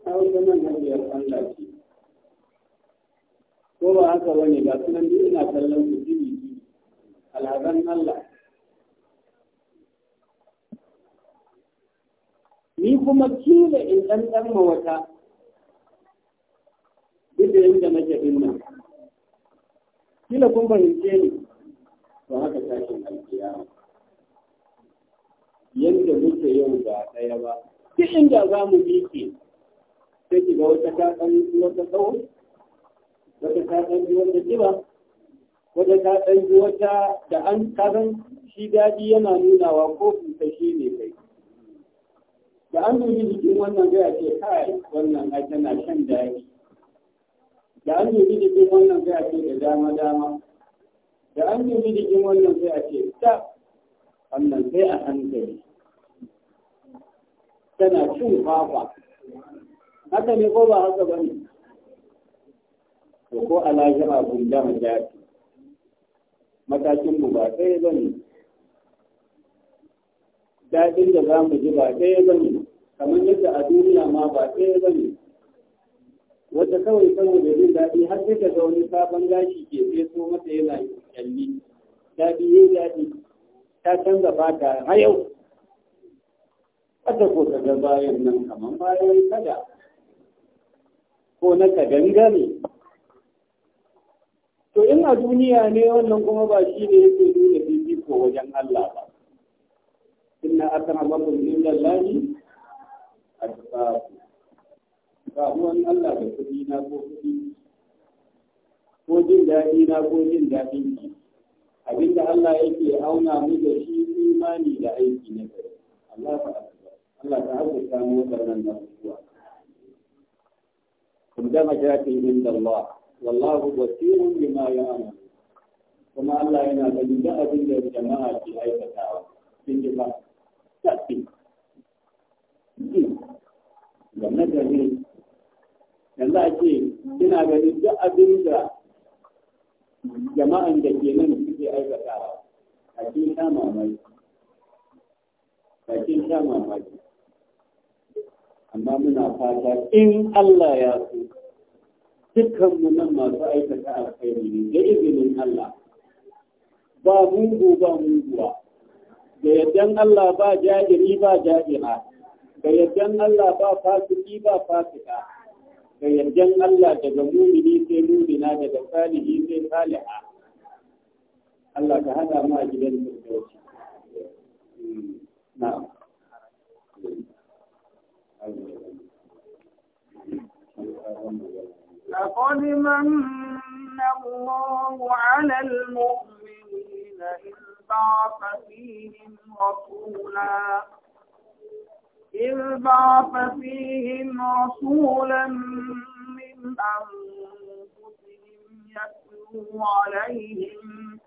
a wajen nan hajiyar Allah ce ko ba haka bane ga sunan duk ina kallon su jiri alhazan Allah ni kuma kila in ɗanɗan ɗan mawata duk da inda nake ɗin nan kila kun fahimce ni to haka tashin alkiyama yadda muke yau ba ɗaya ba duk inda za mu miƙe sai ki ga wata ta wata tsawo wata ta ɗan ji wata kiba wata ta ji wata da an kazan shi daɗi yana nunawa ko kusa shi ne kai da an dubi jikin wannan gaya ce kai wannan ai tana shan daɗi da an dubi jikin wannan sai a ce da dama dama da an dubi jikin wannan sai a ce ta wannan sai a hankali tana cin kwakwa haka ne ko ba haka ba ne to ko a lahira gunda majati matakin mu ba ɗaya ba ne daɗin da za mu ji ba ɗaya ba ne kamar yadda a duniya ma ba ɗaya ba ne wata kawai saboda jin daɗi har sai daga wani sabon gashi ke so mata yana kyalli daɗi yayi daɗi ta canza fata ta yau kada ko ka ga bayan nan kamar bayan kada ko na ka gangare? to in a duniya ne wannan kuma ba shi ne yake nuna fifiko wajen Allah ba inna akramakum indallahi atqakum ba ruwan Allah da kuɗi na ko kuɗi ko jin daɗi na ko jin daɗin ki abinda Allah yake auna mu da shi imani da aiki na gari Allah ta Allah ta haɗa mu waɗannan abubuwa kun gama jatin inda Allah wallahu basirun bima ya'mal kuma Allah yana ganin duk abin da jama'a ke aikatawa sun ji ba tafi gwamnati ne yanzu a ce ina ganin duk abin da jama'an da ke nan suke aikatawa a cikin sha mamaki a cikin sha mamaki amma muna fata in Allah ya so dukkanmu nan masu aikata alkhairi ne da izinin Allah ba mugu ba muguwa da yaddan Allah ba jahiri ba jahira da yaddan Allah ba fasiki ba fasika فيرجن الله تجمعوني لي تنوبنا تجمعوني لي صالحا الله كهذا ما أجدر في الجوش لقد من الله على المؤمنين إذ بعث فيهم رسولا إذ بعث فيهم رسولا من أنفسهم يتلو عليهم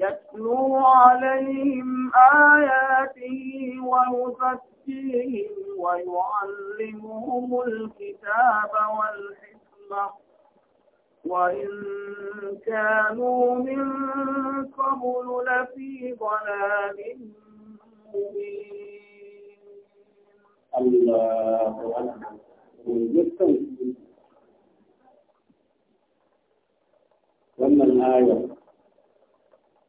يتلو عليهم آياته ويزكيهم ويعلمهم الكتاب والحكمة وإن كانوا من قبل لفي ضلال مبين Allahu akbar ruyukan wannan aya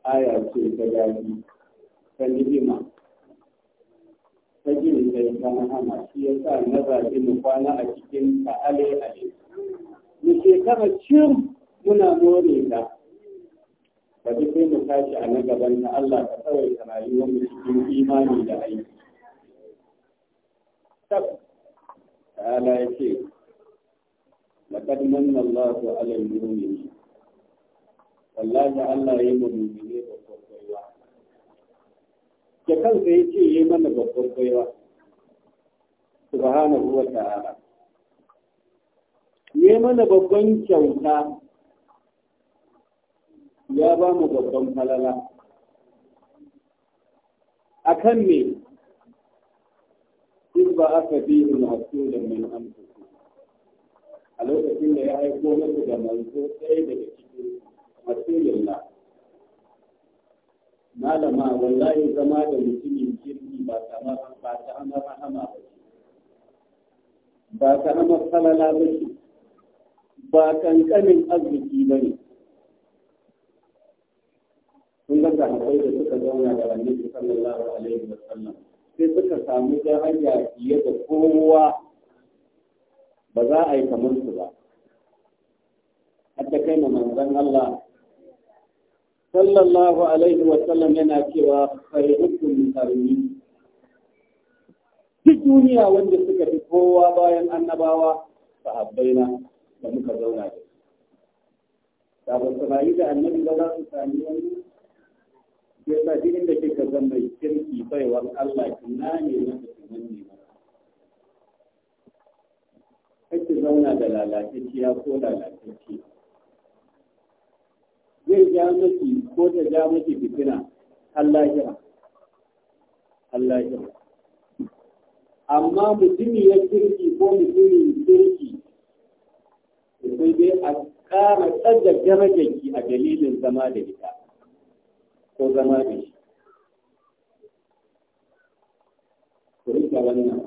aya ce ta daji ta ni'ima ta jin kai ta mahama shi ya sa na zaɓi mu kwana a cikin ta ale ale mu shekara cin muna more ta ba duk sai mu tashi a na gaban na Allah ka tsawai ta rayuwar mu cikin imani da aiki ta'ala ya ce laqad manna Allahu 'ala al-mu'minin wallahi Allah ya yi mu'mini babbar baiwa ke kansa ya ce yi mana babbar baiwa subhanahu wa ta'ala yi mana babban kyauta ya ba mu babban falala kan me ba aka bi mu hasu da min amsa a lokacin da ya haiko masa da manzo ɗaya daga cikin yalla. malama wallahi zama da mutumin kirki ba ta ba ta amar rahama ba ba ta amar halala ba ce ba kankanin arziki ba ne kun ga da suka zauna da annabi sallallahu alaihi wa sallam sai suka samu daraja fiye da kowa ba za a yi kamar su ba hatta kai ma manzon Allah sallallahu alaihi wa sallam yana cewa khairukum qarni duk duniya wanda suka fi kowa bayan annabawa sahabbaina da muka zauna da su. Da ba su rayu da annabi ba za su sami wani ya sa duk inda kika zan mai kirki baiwar Allah ki nane masa ki manne masa kake zauna da lalatacciya ko lalatacce zai ja miki ko ta ja miki fitina Allah ya Allah ya amma mutumi ya kirki ko mutumin kirki sai dai a ƙara tsadda darajar ki a dalilin zama da ita ko zama da shi ku rika wannan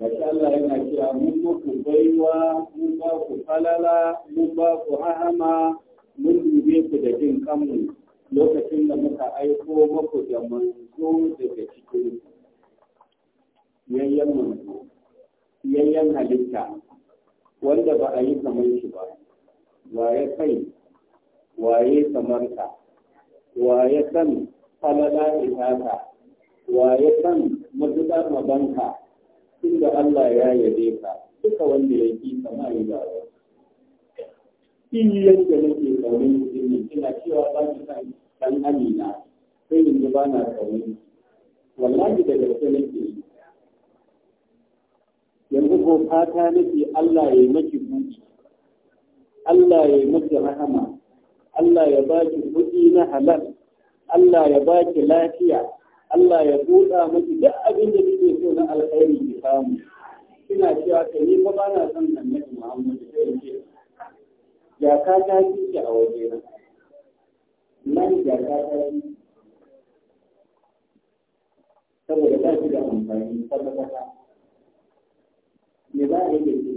Gashi Allah yana cewa mun muku baiwa, mun ba ku falala, mun ba ku rahama, mun dube ku da jin kanmu lokacin da muka aiko muku da manzo daga cikin yayyan manzo, yayyan halitta, wanda ba a yi kamar shi ba, waye kai, waye kamar ka. wa ya san falala itaka wa ya san matuƙar mabanka inda Allah ya yabe ka duka wanda ya ki sama yi ba in yadda nake kaunin mutum ina cewa ba ki san ɗan amina sai yanzu ba na kaunin wallahi da gaske nake yi yanzu ko fata nake Allah ya yi maki buɗi Allah ya yi maki rahama Allah ya baki kuɗi na halal Allah ya baki lafiya Allah ya buɗa miki duk abin da kike so na alkhairi ki samu ina cewa ka ni fa bana son annabi Muhammadu sai ce ya ka ta ki a waje na nan ya ka ta ki saboda ba ki da amfani kwata kwata me za a yi da ke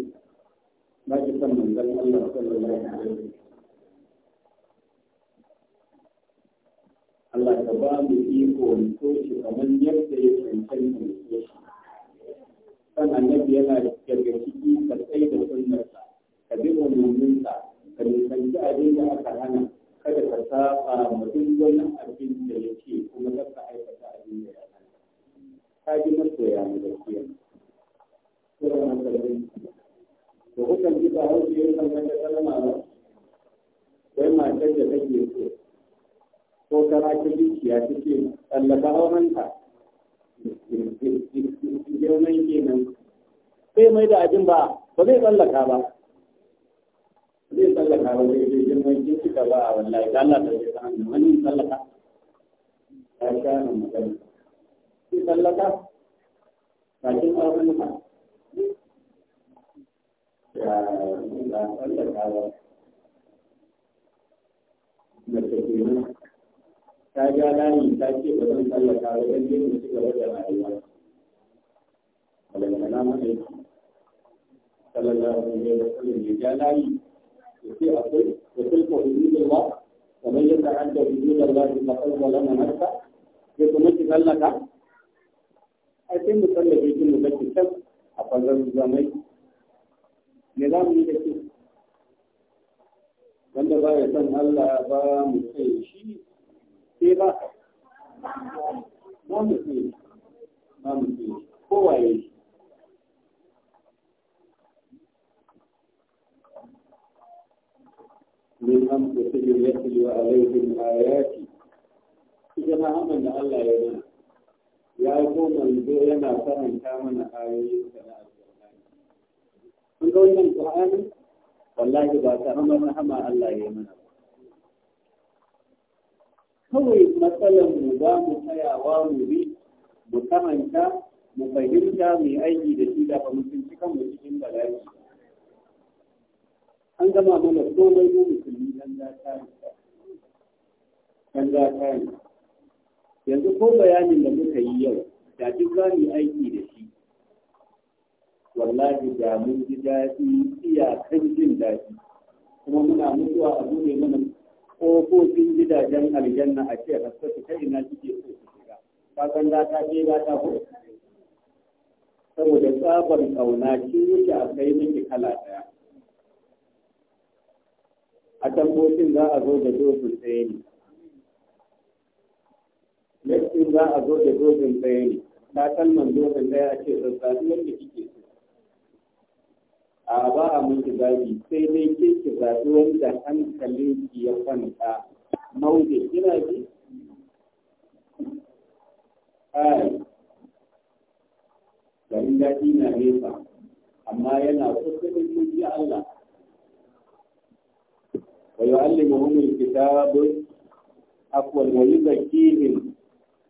ba ki san manzon Allah sallallahu alaihi wa wasallam Allah ka ba mu iko mu so kamar yadda ya cancanta mu so shi kan annabi yana daga ciki ka tsaye da sunnarsa ka bi umarninsa ka nisanci abin da aka hana kada ka saba ma duk wani abin da ya ce kuma kar ka aikata abin da ya hana ka ji masoya mu gaskiya sura na sabbin da kukan ji ba hausa yin kan kanta kalma ba wai matar da kake so ko kara ta zuciya ta ce tsallaka aurenta girman kenan sai mai da abin ba ba zai tsallaka ba zai tsallaka ba zai zai girman kin cika ba a wallahi ta Allah ta zai ta hanyar wani tsallaka ta sha na magana sai tsallaka bakin aurenta ya tsallaka ba mace kenan ta ja layi ta ce ba zan tsallaka ba dan yin mu cigaba da rayuwa balantana ma'aiki sallallahu alaihi wa sallam ya ja layi ya ce akwai da tilka ba. kamar yadda an da hududullah ta na lana narka ya kuma ki tsallaka ai sai mu tsallake shi mu zaki can a fagen zamai me za mu yi da shi. wanda ba ya san Allah ba mu sai shi ke ba za mu ce Ba mu ce Ko kowaye min amfusihim yatlu alaihim ayati ita ma hakan da Allah ya mana ya ko manzo yana karanta mana ayoyin sa na alƙur'ani kun ga wannan qur'ani wallahi ba ta hama hama Allah ya yi mana ba. kawai matsalar mu za mu tsayawa mu bi mu kamanta mu fahimta mu yi aiki da shi da ba mu tunci kanmu cikin bala'i an gama mana komai mu musulmi dan gata ne dan ne yanzu ko bayanin da muka yi yau da duk za mu yi aiki da shi wallahi da mun ji daɗi iyakan jin daɗi kuma muna mutuwa a ne mana ƙofofin gidajen aljanna a ce haskatu ta ina kike so su shiga ka san za ta ce za ta ko saboda tsabar ƙauna ki yake a kai miki kala ɗaya a tambocin za a zo da dokin tsaye ne yakin za a zo da dokin tsaye ne ta kalman dokin tsaye a ce zazzabi yadda kike a ba a miki zaɓi sai dai ke ki zaɓi wanda hankalin ki ya kwanta maude kina ji ai garin daɗi na nesa amma yana kusa da ji Allah wa yu'allimuhum al-kitab afwan wa yuzakkihim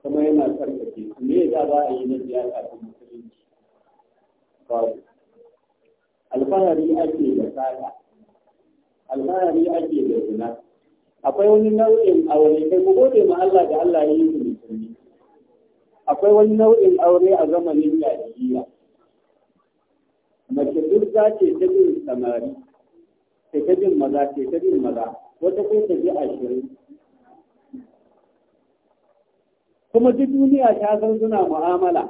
kuma yana tsarkake su me da ba a yi na siyasa ta musulunci babu alfahari ake da sada alfahari ake da zina akwai wani nau'in aure kai ku gode ma Allah da Allah ya yi su musulmi akwai wani nau'in aure a zamanin yajiya mace duk za ce ta bin samari ta ta bin maza ce ta bin maza wata kai ta ji ashirin kuma duk duniya ta san suna mu'amala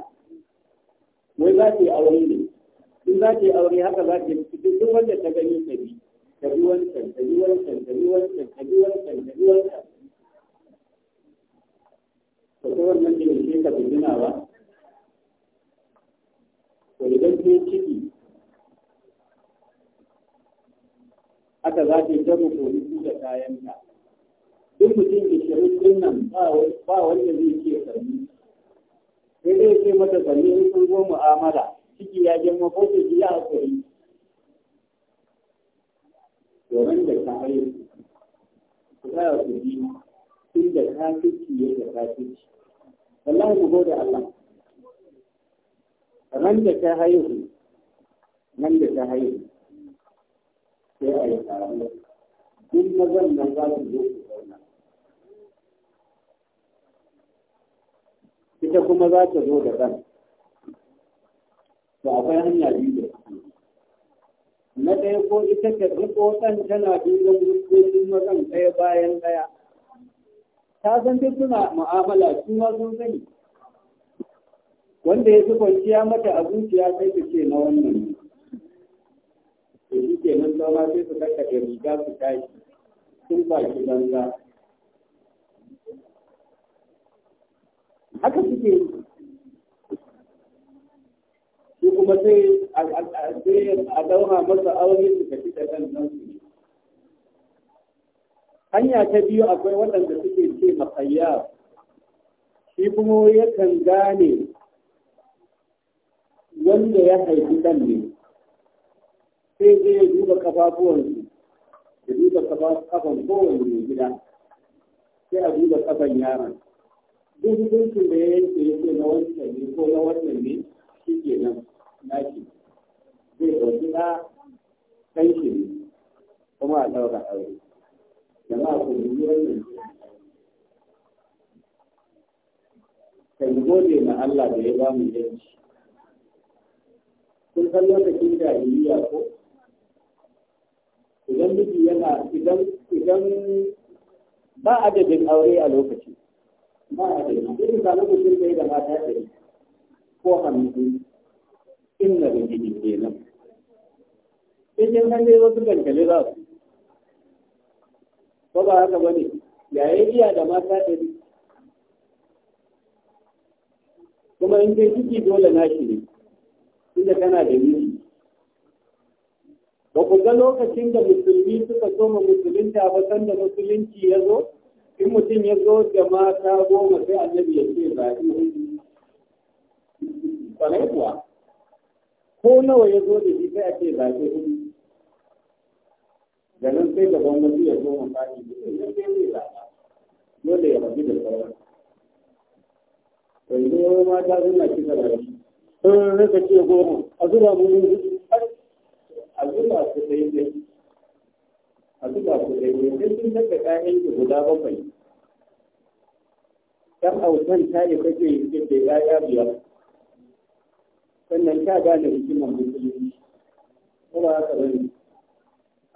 wai za ta yi aure ne in za ta yi aure haka za ta yi duk wanda ta gani ta bi ta bi wancan ta bi wancan ta bi wancan ta bi wancan ta bi wancan to ta wannan da yake ka bijina ba to idan ke ciki haka za ta yi ta rukuni da kayanta duk mutum ishirin din nan ba wanda zai ce sami. sai dai ce mata sami in sun zo mu'amala ciki ya girma ko ta ji ya hakuri domin da ta haihu ku tsaya ku ji inda da ta kafirci wallahi mu gode Allah ran da ta haihu nan da ta haihu sai a yi taro duk mazan nan za su zo su zauna ita kuma za ta zo da ran to akwai hanya biyu da na ɗaya ko ita ta riko ɗan tana duban rikokin mazan ɗaya bayan ɗaya ta san duk suna mu'amala su ma sun sani wanda ya fi kwanciya mata zuciya sai ta ce na wannan da shi ke nan zama sai su kakkaɗe riga su tashi sun kwaki banza haka suke yi shi kuma sai a daura masa aure su tafi da kan hanya ta biyu akwai waɗanda suke ce makayya shi kuma yakan gane wanda ya haifi ɗan ne sai zai ya duba kafafuwansu ya duba kafan kowane gida sai a duba kafan yaron duk hukuncin da ya yanke ya ce na wannan ne ko na wannan ne shi ke nan nashi zai ɗauki na kai shi kuma a ɗaura aure jama'a ku yi wannan kai gode na Allah da ya ba mu yanci kun san lokacin jahiliya ko idan miji yana idan idan ba adadin aure a lokaci ba adadin irin ka lokacin da ya da mata ɗari ko hamsin inna rigidi kenan cikin hannu wasu kankali za su ko ba haka ba ne yayi iya da mata ɗari kuma in dai ciki dole na shi ne inda kana da miji ba ku ga lokacin da musulmi suka soma musulunta ba san da musulunci ya zo in mutum ya zo da mata goma sai annabi ya ce ba kuwa ko nawa ya zo da shi sai a ce ba ke kuɗi da nan sai da gwamnati ya zo mu fadi da nan zai ne zaɓa dole ya rabu da sauran to yanzu mata suna kisa da rashi sun rika ce goma a zuba mu yin a zuba su daidai a zuba su daidai sai sun daga ƙa'yan ki guda bakwai ɗan autan ta yi kake yi ke ɗaya biyar sannan ta gane hikimar musulunci ko ba haka bane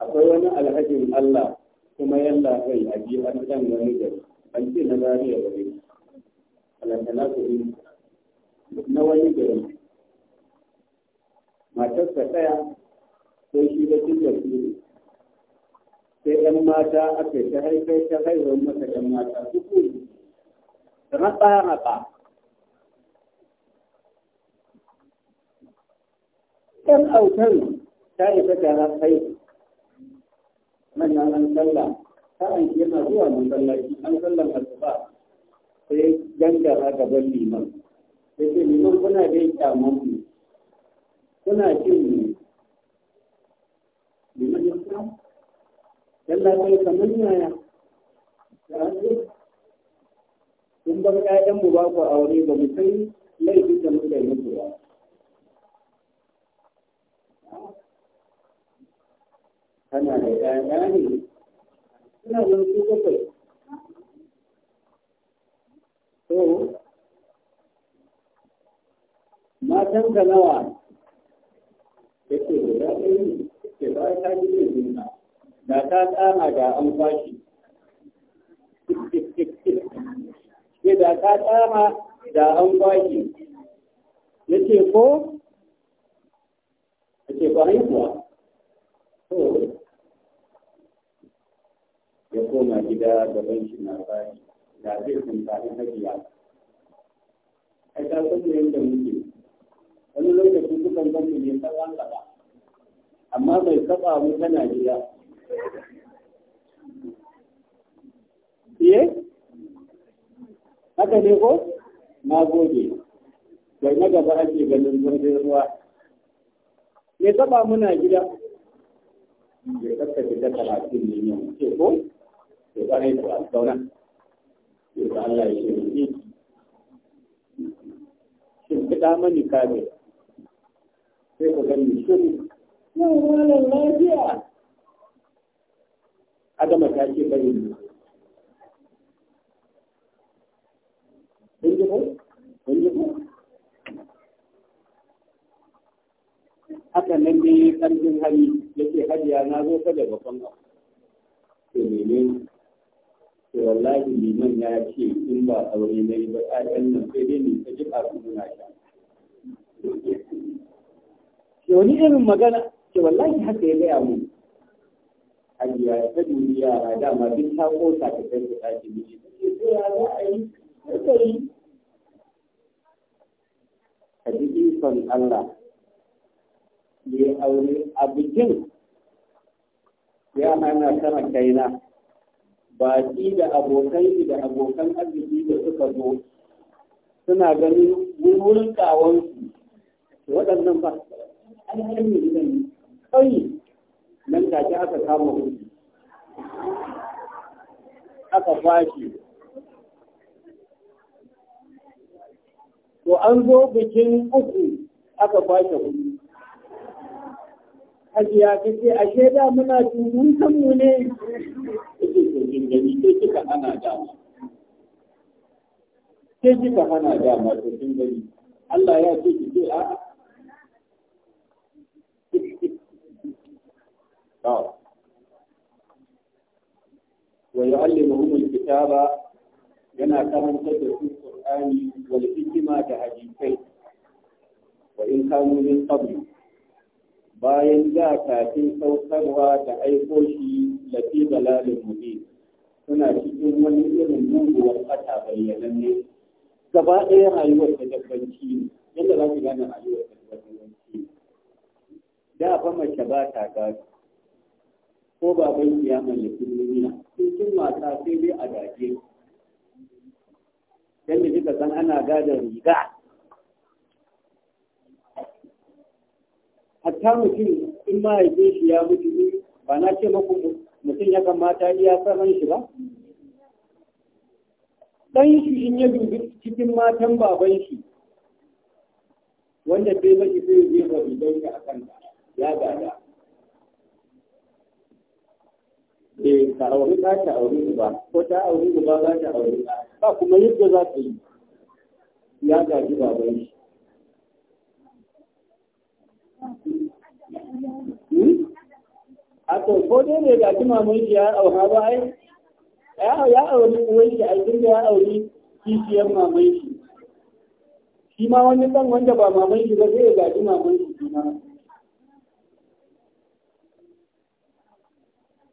akwai wani alhajin Allah kuma yalla kai a ji an dan wani gari an ce na zariya ba ne alantana ku yi na wani Matar matarsa tsaya sai shi da cikin su sai ɗan mata aka ta haifai ta haifar masa ɗan mata uku raɓa-raɓa ɗan autar ta isa tara kai manyan an sallah sa'an shi yana zuwa masallaci an sallan asuba sai gangara gaban liman sai ce liman kuna dai kyaman ku kuna cin mu liman ya sa yalla kai kamar yaya in ba ƴaƴan mu ba ku aure ba mu kai laifin da muke yi muku ba kana da ɗaya ne suna nan su bakwai to matan ka nawa yake guda ɗaya ne ke ta juna da ta tsara da an kwashi ke da ta tsara da an kwashi yake ko yake ba haihuwa ya koma gida gaban shi na bayi da zai tuntari hajiya ai ta san da yadda muke wani lokaci sukan zan ne kasan gaba amma bai kafa mu tana gida Iye? Eh? Haka ne ko? Na goge, Bai na gaba ake ganin zurfin ruwa. Me taba muna gida? Ya kasa gida talatin ne yau. Ke ko? to ƙwarai ko ni shin mani kabe sai ku gani shiru yau malam lafiya adama ta ce bari ne kun ko kun ko haka nan ne ƙarfin hali yake hajiya na zo ka da bakon abu to wallahi liman ya ce in ba aure na yi ba ƴaƴan nan sai dai ne ta jiƙa su muna sha ke wani irin magana ke wallahi haka ya gaya mu hajiya ta duniya a dama duk ta kosa ta kai ta tashi miji ta ce ya a ikon Allah ya aure a bikin ya mana kana kaina baƙi da abokai da abokan arziki da suka zo suna ganin wurin kawansu waɗannan ba an hanyar gidan kai nan ke aka kama hudu aka fashi to an zo bikin uku aka kwashe hudu hajiya ta ce ashe da muna tunun kanmu ne da ni sai kika hana dama sai kika hana dama to kin gani Allah ya ce ki ce a wa yu'allimuhum al-kitaba yana karantar da su Qur'ani wal hikima da hadisai wa in kanu min qabl bayan da kafin saukarwa da aiko shi lafi dalalin mubin suna cikin wani irin muguwar fata bayyanan ne gaba ɗaya rayuwar ta dabbanci ne yadda za ki gane rayuwar ta dabbanci ne da fa mace ba ta gado ko baban ya mallaki duniya cikin mata sai dai a gaje da kika san ana gadon riga hatta mutum in ma ya shi ya mutu ba na ce maku mutum ya kamata iya saran shi ba ɗan shi in ya dubi cikin matan baban shi wanda bai baki sai zai ba idan shi a kanta ya gada eh ta auri ta ta auri ba ko ta auri ba ba ta auri ba kuma yadda za ta yi ya gaji baban shi hmm? ato ko dai ne ga kuma mun ji ya auha ba ai ya auri uwan shi ai ya auri kishiyar mamai shi shi ma wani dan wanda ba mamai shi ba zai ya gaji maman shi shi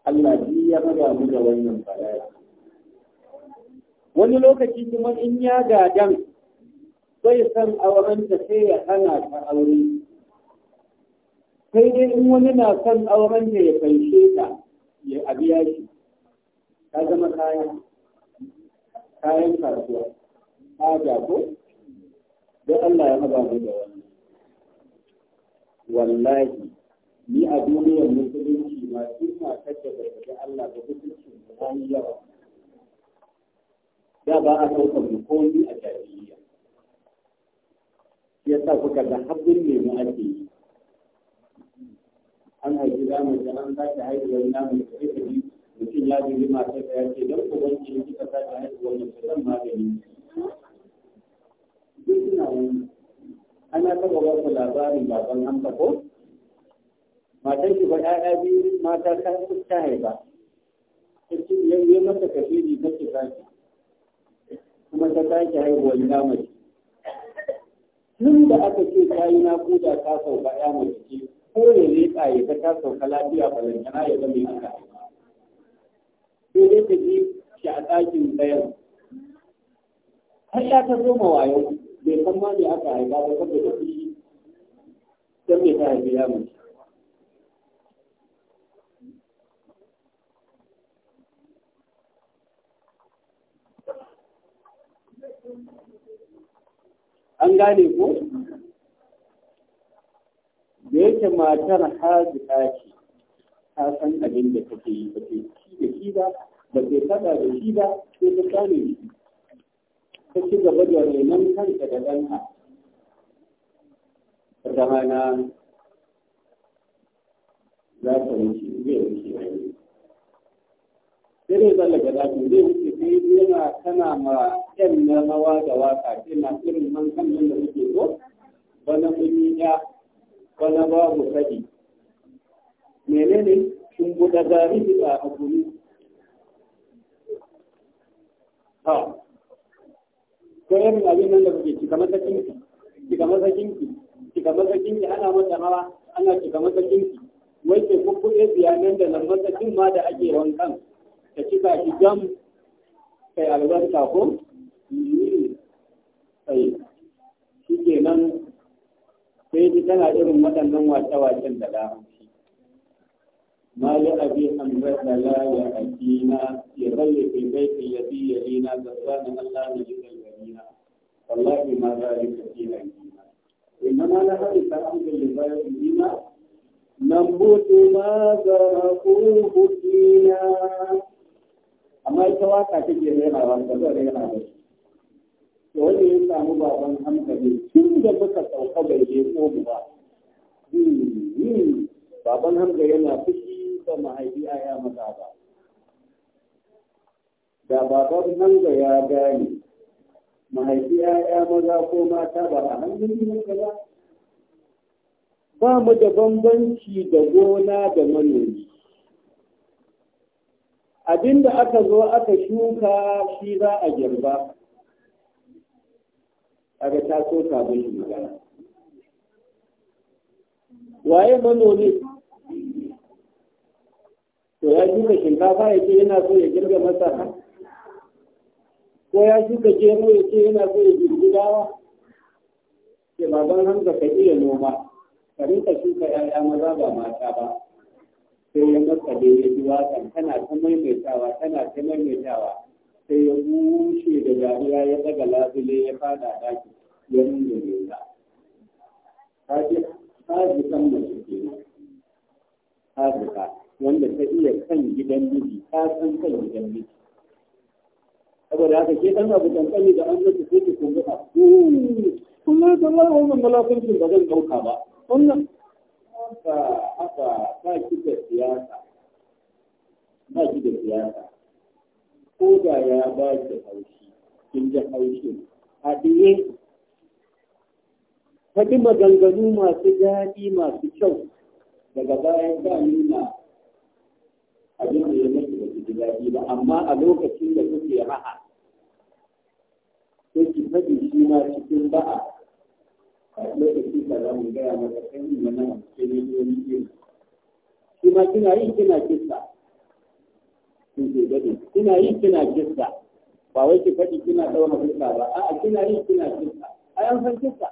Allah ji ya faɗa mu da wannan bala'i wani lokaci kuma in ya gadan sai san auren ta sai ya hana ta aure sai dai in wani na son auren da ya fanshe ta ya abiya shi ta zama kayan kasuwa ta ko don Allah ya haɗa mu da wannan wallahi ni a duniyar musulunci ma duk matar da bai ga Allah ba musulunci ta yi yawa da ba a ɗaukar mukomi a jahiliya ya sa kuka ga habbin ne mu ake yi an haifi damar da an sake haihuwar damar da kai kaji mutum ya dubi matar da ya ce don ku ubanki ne kika sake haihuwar da ta zan magani duk suna ana taɓa ba ku labarin baban hamsa ko matar ki ba 'ya'ya biyu mata ta haifa ya yayye masa kafiri ta ce sake kuma ta sake haihuwar damar tun da aka ce ta yi nakuda ta sau ba ya mace ko ya leƙa ya ga ta sauka lafiya balantana ya zama aka sai dai ta ji shi a ɗakin ɗayan har ya ta zo ma wayo bai san ma me aka haifa ba saboda fushi don me ta haifi ya mace an gane ko da yake matar hajjita ce ta san abin da take yi ba ce ci da shi ba ba ce saba da shi ba sai ta kame shi ta ci gaba da renon kanta da ɗanka ta na za ta wuce zai wuce wani sai dai zalla ga zafi zai wuce sai yana tana ma yan na rawa da waka sai na irin hankalin da suke so bana kun yi ya bana babu sadi menene shimbuɗa gari bisa a guri ha ko irin abin nan da kuke cika masa kinki cika masa kinki cika masa kinki ana masa hawa ana cika masa kinki wai ke kukkuɗe nan da lambatakin ma da ake wankan ta cika shi jam kai albarka ko? Sai, shi kenan sai ji tana irin waɗannan wace-wacen da larabci ma li abi hamza da la ya akina ya balle fi baiti ya bi ya lina da sanin Allah ne jikal garina wallahi ma zalika fi akina إنما لحدث الأمر لغيرهما نبت ما ذرقوه فينا أما إذا واقع تجي هنا وانتظر da shi. da wanda ya samu baban hankali tun da muka sauka bai je komi ba hmm, baban hamza yana fushi ba mahaifi a ya maza ba da baban hamza ya gane mahaifi a ya maza ko mata ba a hannun yanka ba ba mu da bambanci da gona da manomi Abin da aka zo aka shuka shi za a girba kaga ta so ka bin shi magana waye manomi to ya shuka shinkafa ya ce yana so ya girga masara ko ya shuka gero ya ce yana so ya girgi dawa ke baban hanka ka iya noma ka rinka shuka 'ya'ya maza ba mata ba sai ya da ya ji waƙan tana ta maimaitawa tana ta maimaitawa sai ya bushe da dariya ya daga labule ya fada daki ya nuna mai ta tajikan mace ke tajika wanda ta iya kan gidan miji ta san kan gidan miji saboda haka ke dan abu kankani da an zata sai ki kunga ta kuma da Allah wannan malakuncin ba zan ɗauka ba wannan haka haka ba ki da siyasa ba ki da siyasa ko da ya ba ki haushi kin ji haushin a ɗiye faɗi maganganu masu daɗi masu kyau daga bayan ta nuna abin da ya mace ba su ji daɗi ba amma a lokacin da kuke raha sai ki faɗi shi ma cikin ba'a a lokacin da za mu gaya maka kan yi mana cikin wani iri shi ma kina yi kina kisa Sun ke gani kina yi kina kisa ba wai ki faɗi kina ɗaura kisa ba a'a kina yi kina kisa a yan san kisa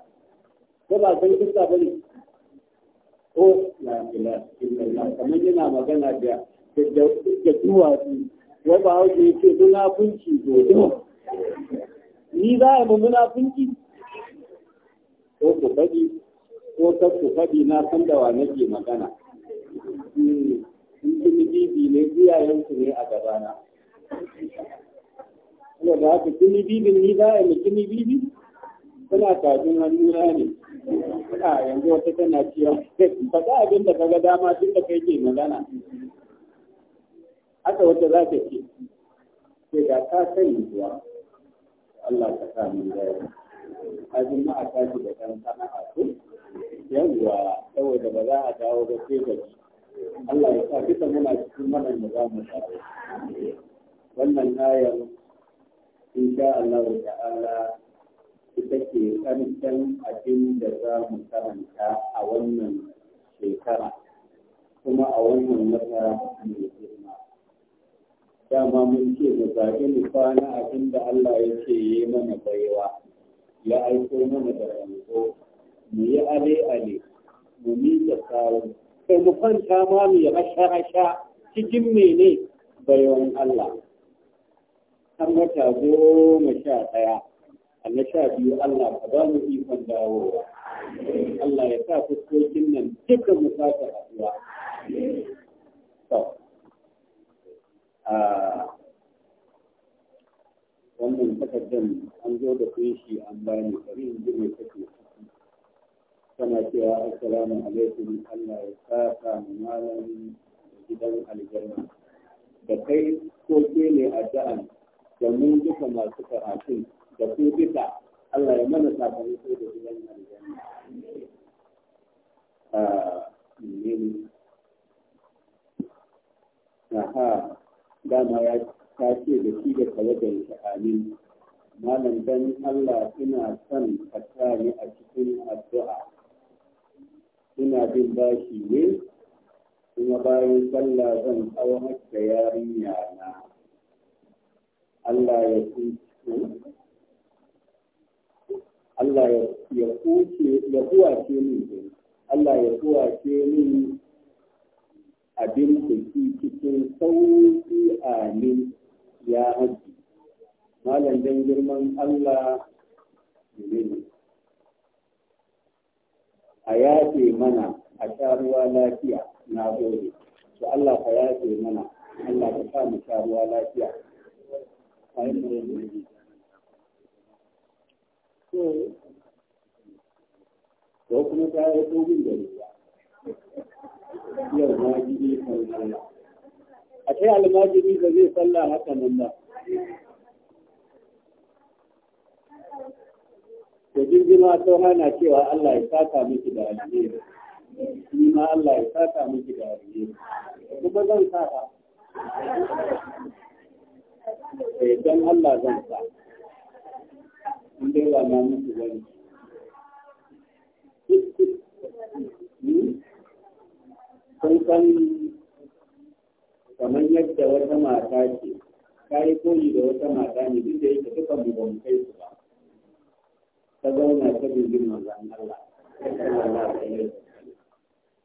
ko ba san kissa ba ne ko la ilaha illallah kamar yana magana da da duwatsu wai ba hausa ya ce munafunci dodo ni za a yi munafunci ko ku faɗi ko ta ku faɗi na san da wa nake magana hmm, in kuma bibi ne iyayenku ne a gabana saboda haka kini bibin ni za a yi kini bibi suna tafin hannu na ne a yanzu wata tana cewa faɗa abin da kaga dama tun da kai ke magana haka wata za ta ce sai da ka sani zuwa Allah ta sa min gaya abin ma a tashi da kan sana'a ko yawwa saboda ba za a dawo ba sai gaji Allah ya sa duka muna cikin manan da za mu dawo wannan ayar insha Allah ta'ala ita ke ƙarfin abin da za mu karanta a wannan shekara kuma a wannan wata mai girma. Dama mun ce mu zaɓi mu kwana abin da Allah ya ce ya yi mana baiwa, ya aiko mana da rango, mu yi ale-ale, mu da kawo, ka mu kwanta ma mu yi rasha-rasha cikin mene baiwan Allah. An wata goma sha ɗaya. a na sha biyu Allah ka ba mu ikon dawowa Allah ya sa fuskokin nan duka mu sake haɗuwa wannan takardar an zo da kunshi an bani bari in ji mai kake tana cewa assalamu alaikum Allah ya saka malam gidan aljanna da kai ko ke ne a da mu duka masu karatun da ku Allah ya mana sakamako da gidan aljanna ah, a ne aha dama ya ta ce da shi da tawagar shi amin malam dan Allah ina son ka tsani a cikin addu'a ina bin bashi ne kuma bayan sallah zan kawo da yarinya na Allah ya ci Allah ya kuce ya kuwace min Allah ya kuwace min abin da ke cikin sauki amin ya haji malam dan girman Allah ne a yafe mana a sha ruwa lafiya na gode to Allah ka yafe mana Allah ka sa mu sha ruwa lafiya ko kuma ta yi tsohon da ruwa yau ma gidi kan a kai almajiri ba zai sallah haka nan ba da jirgima ta hana cewa Allah ya saka miki da alheri ni ma Allah ya saka miki da alheri kuma zan saka eh dan Allah zan saka in dai ba na musu ba ne kun kamar yadda wata mata ce ta yi koyi da wata mata ne duk da yake dukan mu ba mu kai su ba ta zauna ta bibin manzan Allah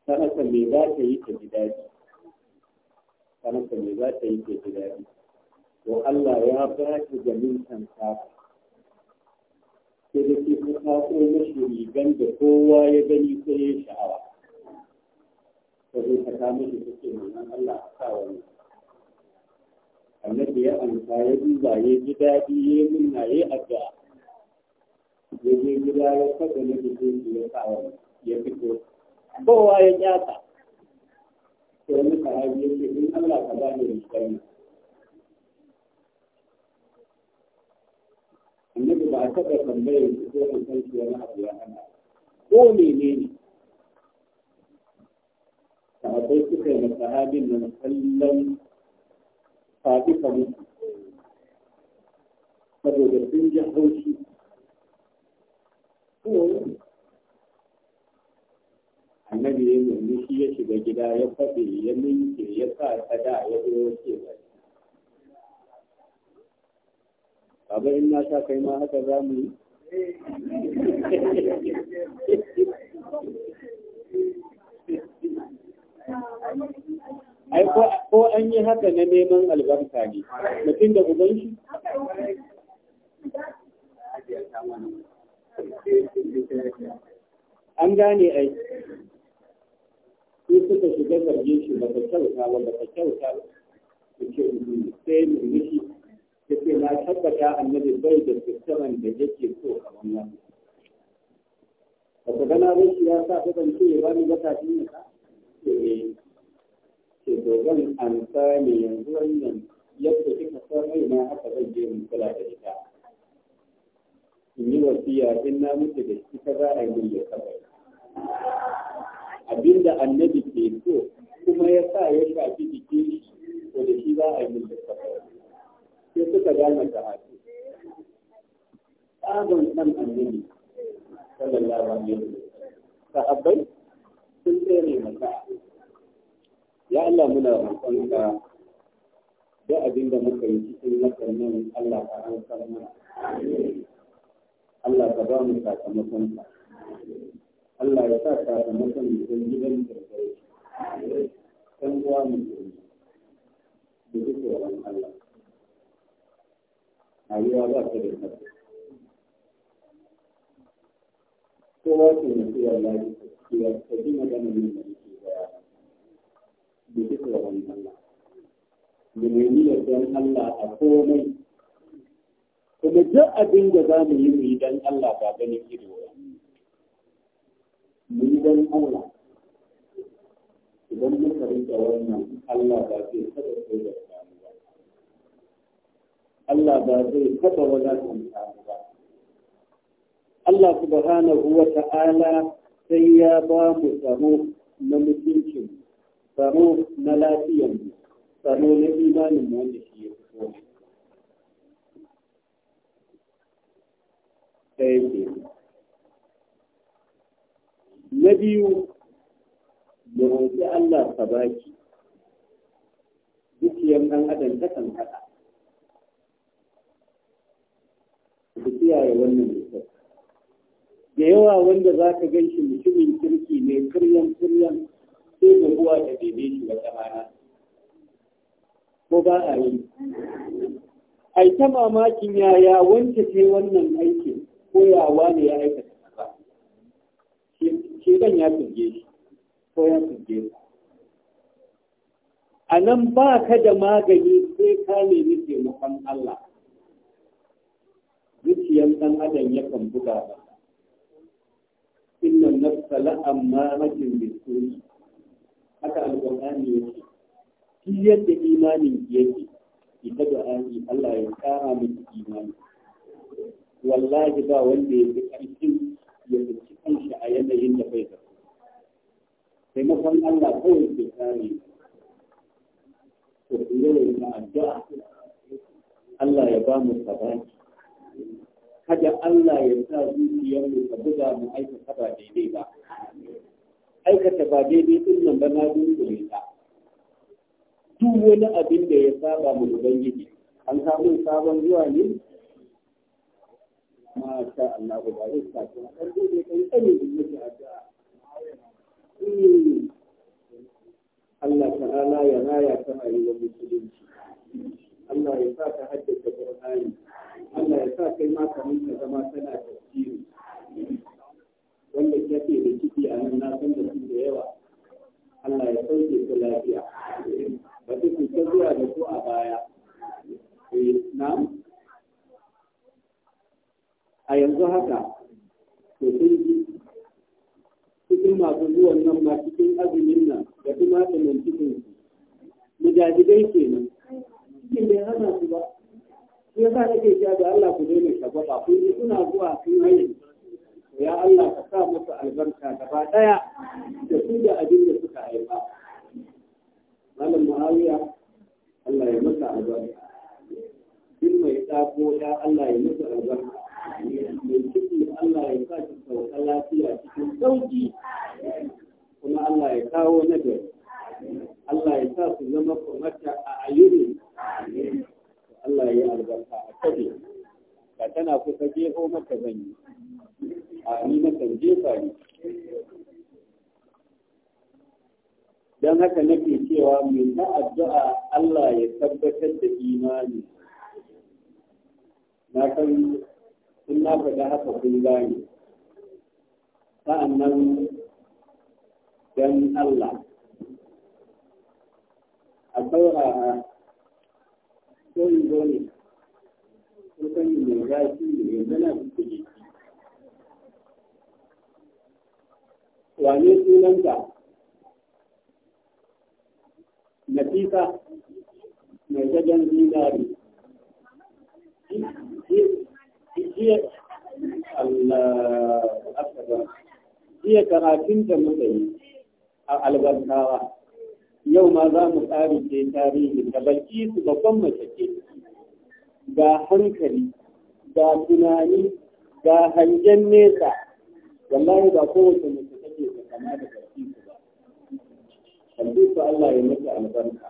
ta haka me za ta yi ta ji daɗi ta haka me za ta yi ta gida daɗi to Allah ya fara ta gamin kan sai da ke ka kaso mashi rigan da kowa ya gani sai ya sha'awa ta zai ka kama shi ta ce mana Allah ka sa wani annabi ya amsa ya duba ya ji daɗi ya yi munna ya yi addu'a ya je gida ya saba na jikin shi ya sa wani ya fito kowa ya kyasa sai wani sahabi ya ce in Allah ka ba ni rigar annabi ba a taɓa tambayar shi ko an san shi wani abu ya hana ko menene akwai suka yi sahabin nan kallon faɗi ka mutu saboda sun ji haushi annabi ya yi shi ya shiga gida ya faɗi ya ninke ya sa da ya zo ya ce Baba in na sa kai ma haka za mu yi? Ai ko an yi haka na neman albarka ne, mutum da gudun shi? An gane ai, sai suka shiga zargin shi ba ta kyauta ba ba ta kyauta ba, su ce sai mu yi shi ya na tabbata annabi bai da fitaran da yake so kamar nan ba ku gana rashi ya sa ta zance ya bani wata biyu ka ce ce dogon an ne yanzu wannan yadda kika san raina haka zan je mu kula da ita in yi wasiya in na mutu da shi ta za a yi ya kawai abinda annabi ke so kuma ya sa ya shafi jikin shi to da shi za a yi ya saba. sai suka gane ta karatu tsarin san annabi sallallahu alaihi sahabbai sun tsere maka ya Allah muna roƙon ka da abin da muka yi cikin makarnin Allah ka an mana Allah ka ba mu sakamakon ka Allah ya sa sakamakon mu san gidan da kai kan uwa mu da wani Allah rayuwa ba ta da kasa kowa ke nufi wallahi ya tafi magana ne da yake gaya da duk Allah da nemi yardan Allah a komai kuma duk abin da za mu yi mu don Allah ba ganin ido ba mu yi don Allah idan muka rinka wannan Allah ba zai kada ko da Allah ba zai taɓa wadata ba. Allah subhanahu wa ta'ala sai ya ba mu tsaro na mutuncin tsaro na mu tsaro na imanin wanda shi ya fito. Na biyu, mu roƙi Allah baki, dukiyar ɗan adam ta kan haɗa. ku kiyaye wannan mutum da yawa wanda za ka gan shi mutumin kirki mai kiryan kiryan sai da ruwa da bebe shi wata rana ko ba a yi ai ta mamakin yaya wanda ce wannan aikin ko yawa ne ya aikata kaza shi dan ya turge shi ko ya turge shi a nan ba ka da magani sai ka nemi taimakon Allah zuciyar ɗan adam yakan buga ba inna nafsa la'ammaratin bisuri haka ya ce. shi yadda imanin yake ita da ayi Allah ya kara miki imani wallahi ba wanda ya fi ƙarfin ya zuci kanshi a yanayin da bai zafi taimakon Allah kawai ke kare to ku yi addu'a Allah ya ba mu sabaki kada Allah ya sa zuciyar mu ta buga mu aikata ba daidai ba aikata ba daidai din nan ba na dole ta duk wani abin da ya saba mu ubangiji an samu sabon zuwa ne ma sha Allah ba zai sa ki na dan dole kai tsani din yake addu'a hmm. Allah ta'ala ya raya ta rayuwar musulunci Allah ya sa ka haddace Qur'ani Allah ya sa kai ma ka rinka zama tana da tafsiri wanda yake da ciki a nan na san da su da yawa Allah ya sauke su lafiya ba su ku ta zuwa da ku a baya eh, na a yanzu haka to sun ji cikin masu zuwan nan ma cikin azumin nan da kuma tunan cikin mujahidai kenan cikin bai hana su ba Su ya sa nake cewa da Allah ku daina shagwaba ku yi suna zuwa sun haye ya Allah ka sa musu albarka gaba daya da su da abin da suka haifa malam muawiya Allah ya masa albarka duk mai tsako ya Allah ya masa albarka mai ciki Allah ya sa shi sauka lafiya cikin sauki kuma Allah ya kawo nagari Allah ya sa su zama kwamata a ayyuri Allah ya albarka a kaje ba tana kusa jeho maka zanyi a ni makan jefa ne don haka nake cewa mai ta addu'a Allah ya tabbatar da imani na san sun na faɗa haka kun gane sa'annan don Allah a saurara soyin zaune kusan mai zafi mai zana da kuɗi wane sunanka nafisa mai gajen zinari jiya karatun da muka a albarkawa yau ma za mu ce tarihi da baki su babban mace ce ga hankali ga tunani ga hangen nesa wallahi ba kowace mace take ta kama da baki su ba kalli su Allah ya mata albarka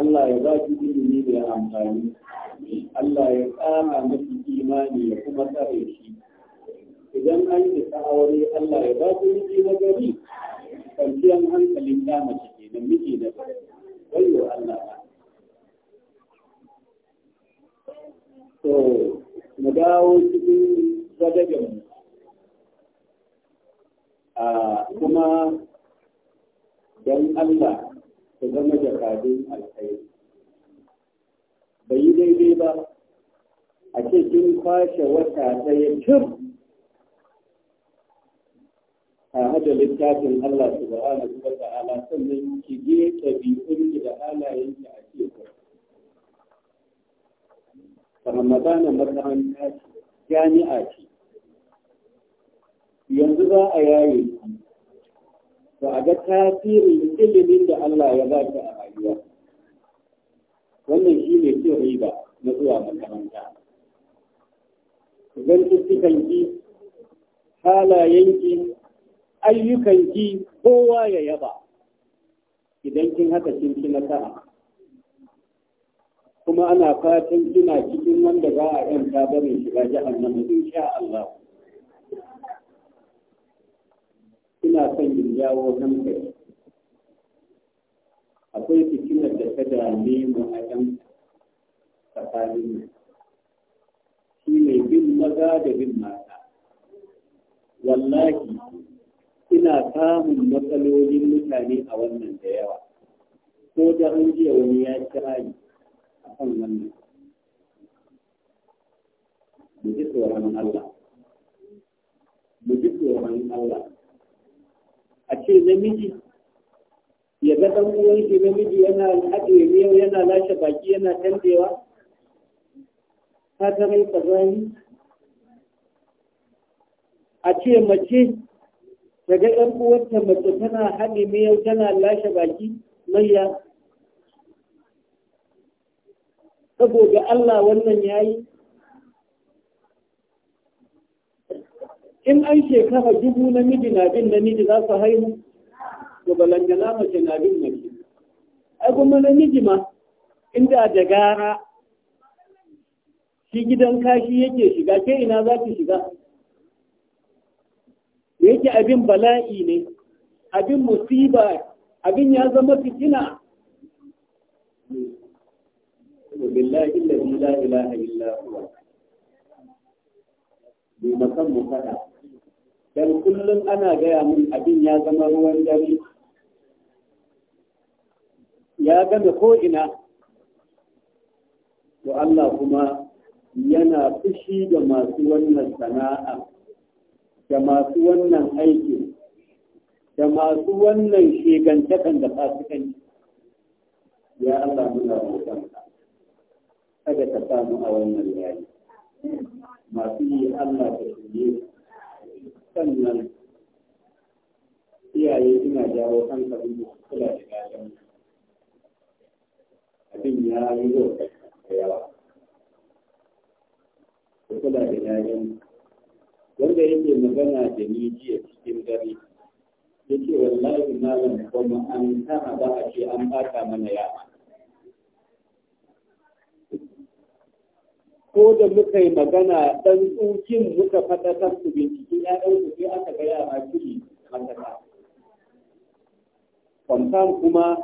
Allah ya ba ki ilimi da amfani Allah ya tsara miki imani ya kuma tsare shi idan an isa aure Allah ya ba ku miji na gari kwanciyar hankalin ya mace miji na kwarai wayo Allah to mu dawo cikin zagagen a kuma don Allah ta zama jakadun alkhairi bai yi daidai ba a ce kin kwashe wata ɗaya cir A hada littafin Allah subhanahu wa ta'ala sannan ki je ɗabi'unki da halayenki a ce ku Ramadana makaranta ce jami'a ce yanzu za a yaye ku. Ba a ga tasirin ilimin da Allah ya ba ki a rayuwa wannan shi ne cin riba na zuwa makaranta idan ki halayenki ayyukan ki kowa ya yaba idan kin haka kin ci nasara kuma ana fatan kina cikin wanda za a yanta ba mai shiga jahannama insha Allah Kina son in jawo hankali akwai fitinar da ta dame mu a yan tsakanin mu shi ne bin maza da bin mata wallahi muna samun matsalolin mutane a wannan da yawa ko da an jiya wani ya kira ni a kan wannan mu ji tsoron Allah mu ji tsoron Allah a ce namiji ya ga ɗan uwan shi namiji yana haɗe miyau yana lashe baki yana tantewa Ta ga rai a ce mace daga ɗan uwarta mace tana haɗe yau, tana lashe baki mayya saboda Allah wannan ya yi in an shekara dubu namiji na bin namiji za su haihu to balangana mace na bin mace ai kuma namiji ma inda da gara shi gidan kashi yake shiga ke ina za ki shiga da yake abin bala'i ne abin musiba abin ya zama fitina billahi alladhi la ilaha illa huwa bi makan mu fada dan kullum ana gaya min abin ya zama ruwan dare ya gane ko ina to Allah kuma yana fushi da masu wannan sana'a da masu wannan aikin da masu wannan shegantakan da fasikanci ya Allah muna roƙon kada ka samu a wannan yayi masu yi Allah ka shirye sannan iyaye ina jawo hankali da kula da gajen abin ya yi zo da yawa kula da gajen wanda yake magana da ni jiya cikin dare ya ce wallahi malam kuma an kana ba a ce an bata mana yawa. ko da muka yi magana ɗan tsokin muka faɗaɗar su bincike su sai aka ga yara kiri matasa. Kwamfan kuma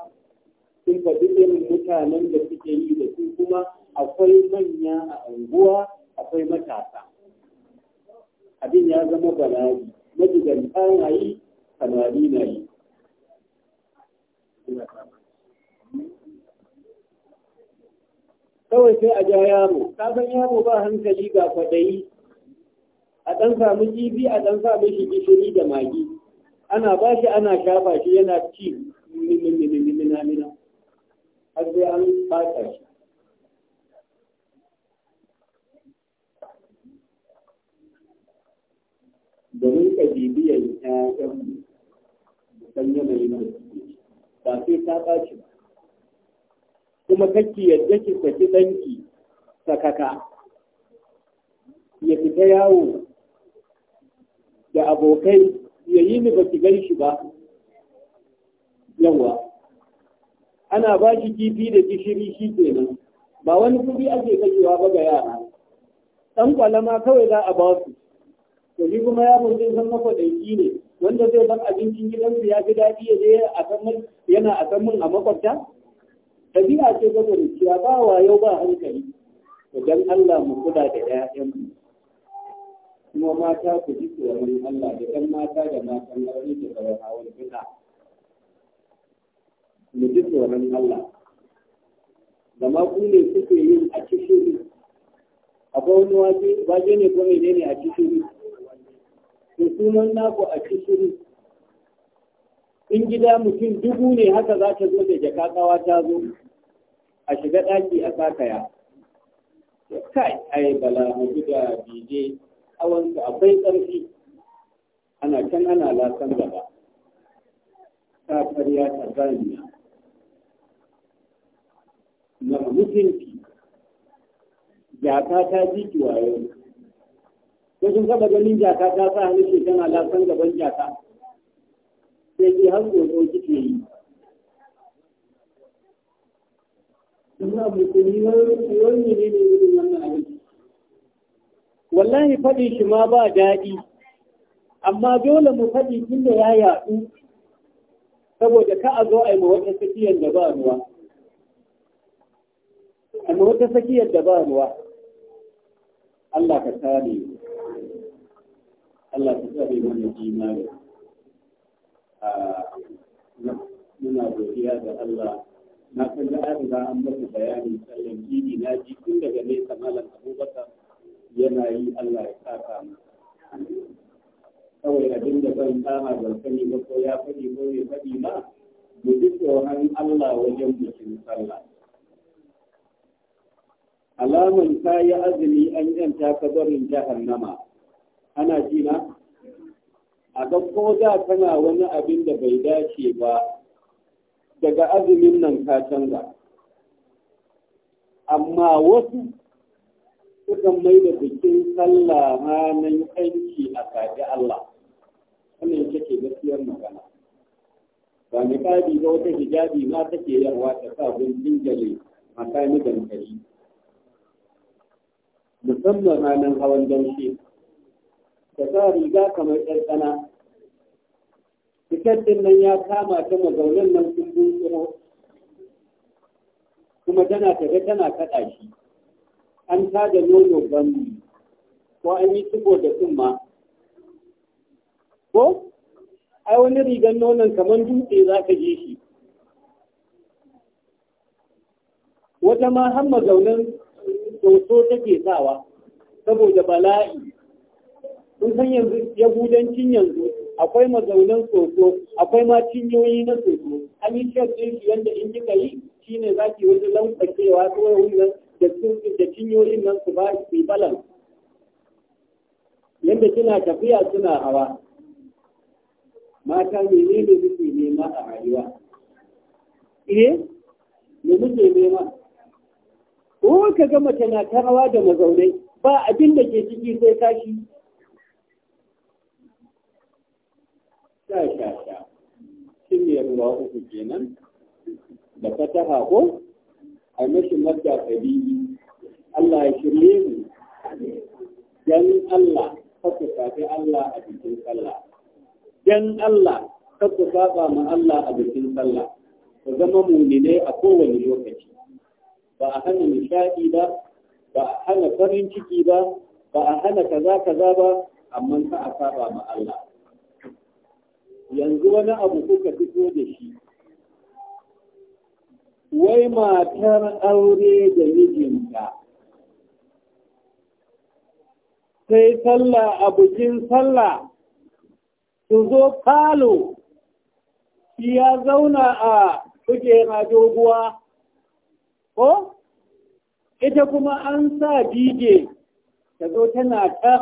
sun faɗi irin mutanen da suke yi da su kuma akwai manya a unguwa akwai matasa. abin ya zama bala'i majiganta na yi samari na yi kawai sai a ja yaro kafin yaro ba hankali ga kwaɗayi a ɗan samu kifi a ɗan samu shi gishiri da magi ana ba shi ana shafa shi yana ci minamina har sai an ɓata shi da rinka bibiyar ƴaƴan da san yanayin da suke ba sai ta ɓaci ba kuma kake yadda ki saki ɗanki sakaka ya fita yawo da abokai ya yi ni ba ki gan shi ba yawa ana ba shi kifi da gishiri shi kenan ba wani kuɗi ake kashewa ba ga yara ɗan kwalama kawai za a ba su to ni kuma ya zai san yi ne wanda zai san abincin gidansu ya fi daɗi ya je a san yana a san mun a makwabta tabi'a ce ga cewa ba yau ba hankali idan Allah mu kula da mu. kuma mata ku ji tsoron Allah da kan mata da na wani da sauran hawan fita mu ji tsoron Allah da ma ku ne suke yin a cikin akwai wani waje ne ko ne a cikin to kuma naku a cikin in gida mutum dubu ne haka za ta zo da jaka tsawa ta zo a shiga ɗaki a sakaya kai ai bala mu da bije su akwai ƙarfi ana can ana lasan gaba ta karya ta zaniya na mutunci jaka ta ji kiwayo ko sun saba ganin jaka ta sa hannu ke tana lasan gaban jaka sai ke har gobe kike yi ina mutumi wani wani ne ne irin wannan abin wallahi faɗi shi ma ba daɗi amma dole mu faɗi inda ya yaɗu saboda ka a zo a yi ma wata tsakiyar da ba ruwa amma wata tsakiyar da ba ruwa Allah ka tare mu Allah ta tsare mana imani muna godiya ga Allah na san da an riga an masa bayanin sallan idi na ji tun daga nesa malam abubakar yana yi Allah ya saka mu kawai abin da zan kama ban sani ba ko ya faɗi ko bai faɗi ba mu ji tsoron Allah wajen bikin sallah alaman ta yi azumi an yanta ka barin jahannama ana ji a ga ko da tana wani abin da bai dace ba daga azumin nan ka canza amma wasu sukan mai da bikin sallah ranar yanki a kaji Allah Wani ita ke gaskiyar magana ba niqabi ba wata hijabi ma take yarwa ta sa gun jingale makani dankali musamman ranar hawan daushe ta sa riga kamar ƙarƙana fitar din nan ya kama ta mazaunin nan sun bunsuro kuma tana tafe tana kaɗa shi an da nono gani ko an yi tuko da tsumma ko ai wani rigar nonon kamar dutse za ka je shi wata ma har mazaunin soso take sawa saboda bala'i kun san yanzu yahudancin yanzu akwai mazaunan soso akwai ma cinyoyi na soso an yi shek ɗin in kika yi shine za ki wani lankwacewa ko wannan da da cinyoyin nan su ba su balan yanda kina tafiya suna hawa mata ne, menene kuke nema a rayuwa eh ne muke nema ko ka gama mace na da mazaunai ba abin da ke ciki sai tashi sha sha sha ruwa uku kenan da fataha ko a mashi mata kabi Allah ya shirye mu dan Allah kaku Yan Allah a bikin sallah dan Allah saba ma Allah a bikin sallah ku zama muminai a kowane lokaci ba a hana nishaɗi ba ba a hana farin ciki ba ba a hana kaza kaza ba amma ka a saba ma Allah yanzu wani abu kuka fito da shi wai matar aure da mijinta sai sallah a bikin sallah su zo falo shi ya zauna a na doguwa ko ita kuma an sa dj ta zo tana ta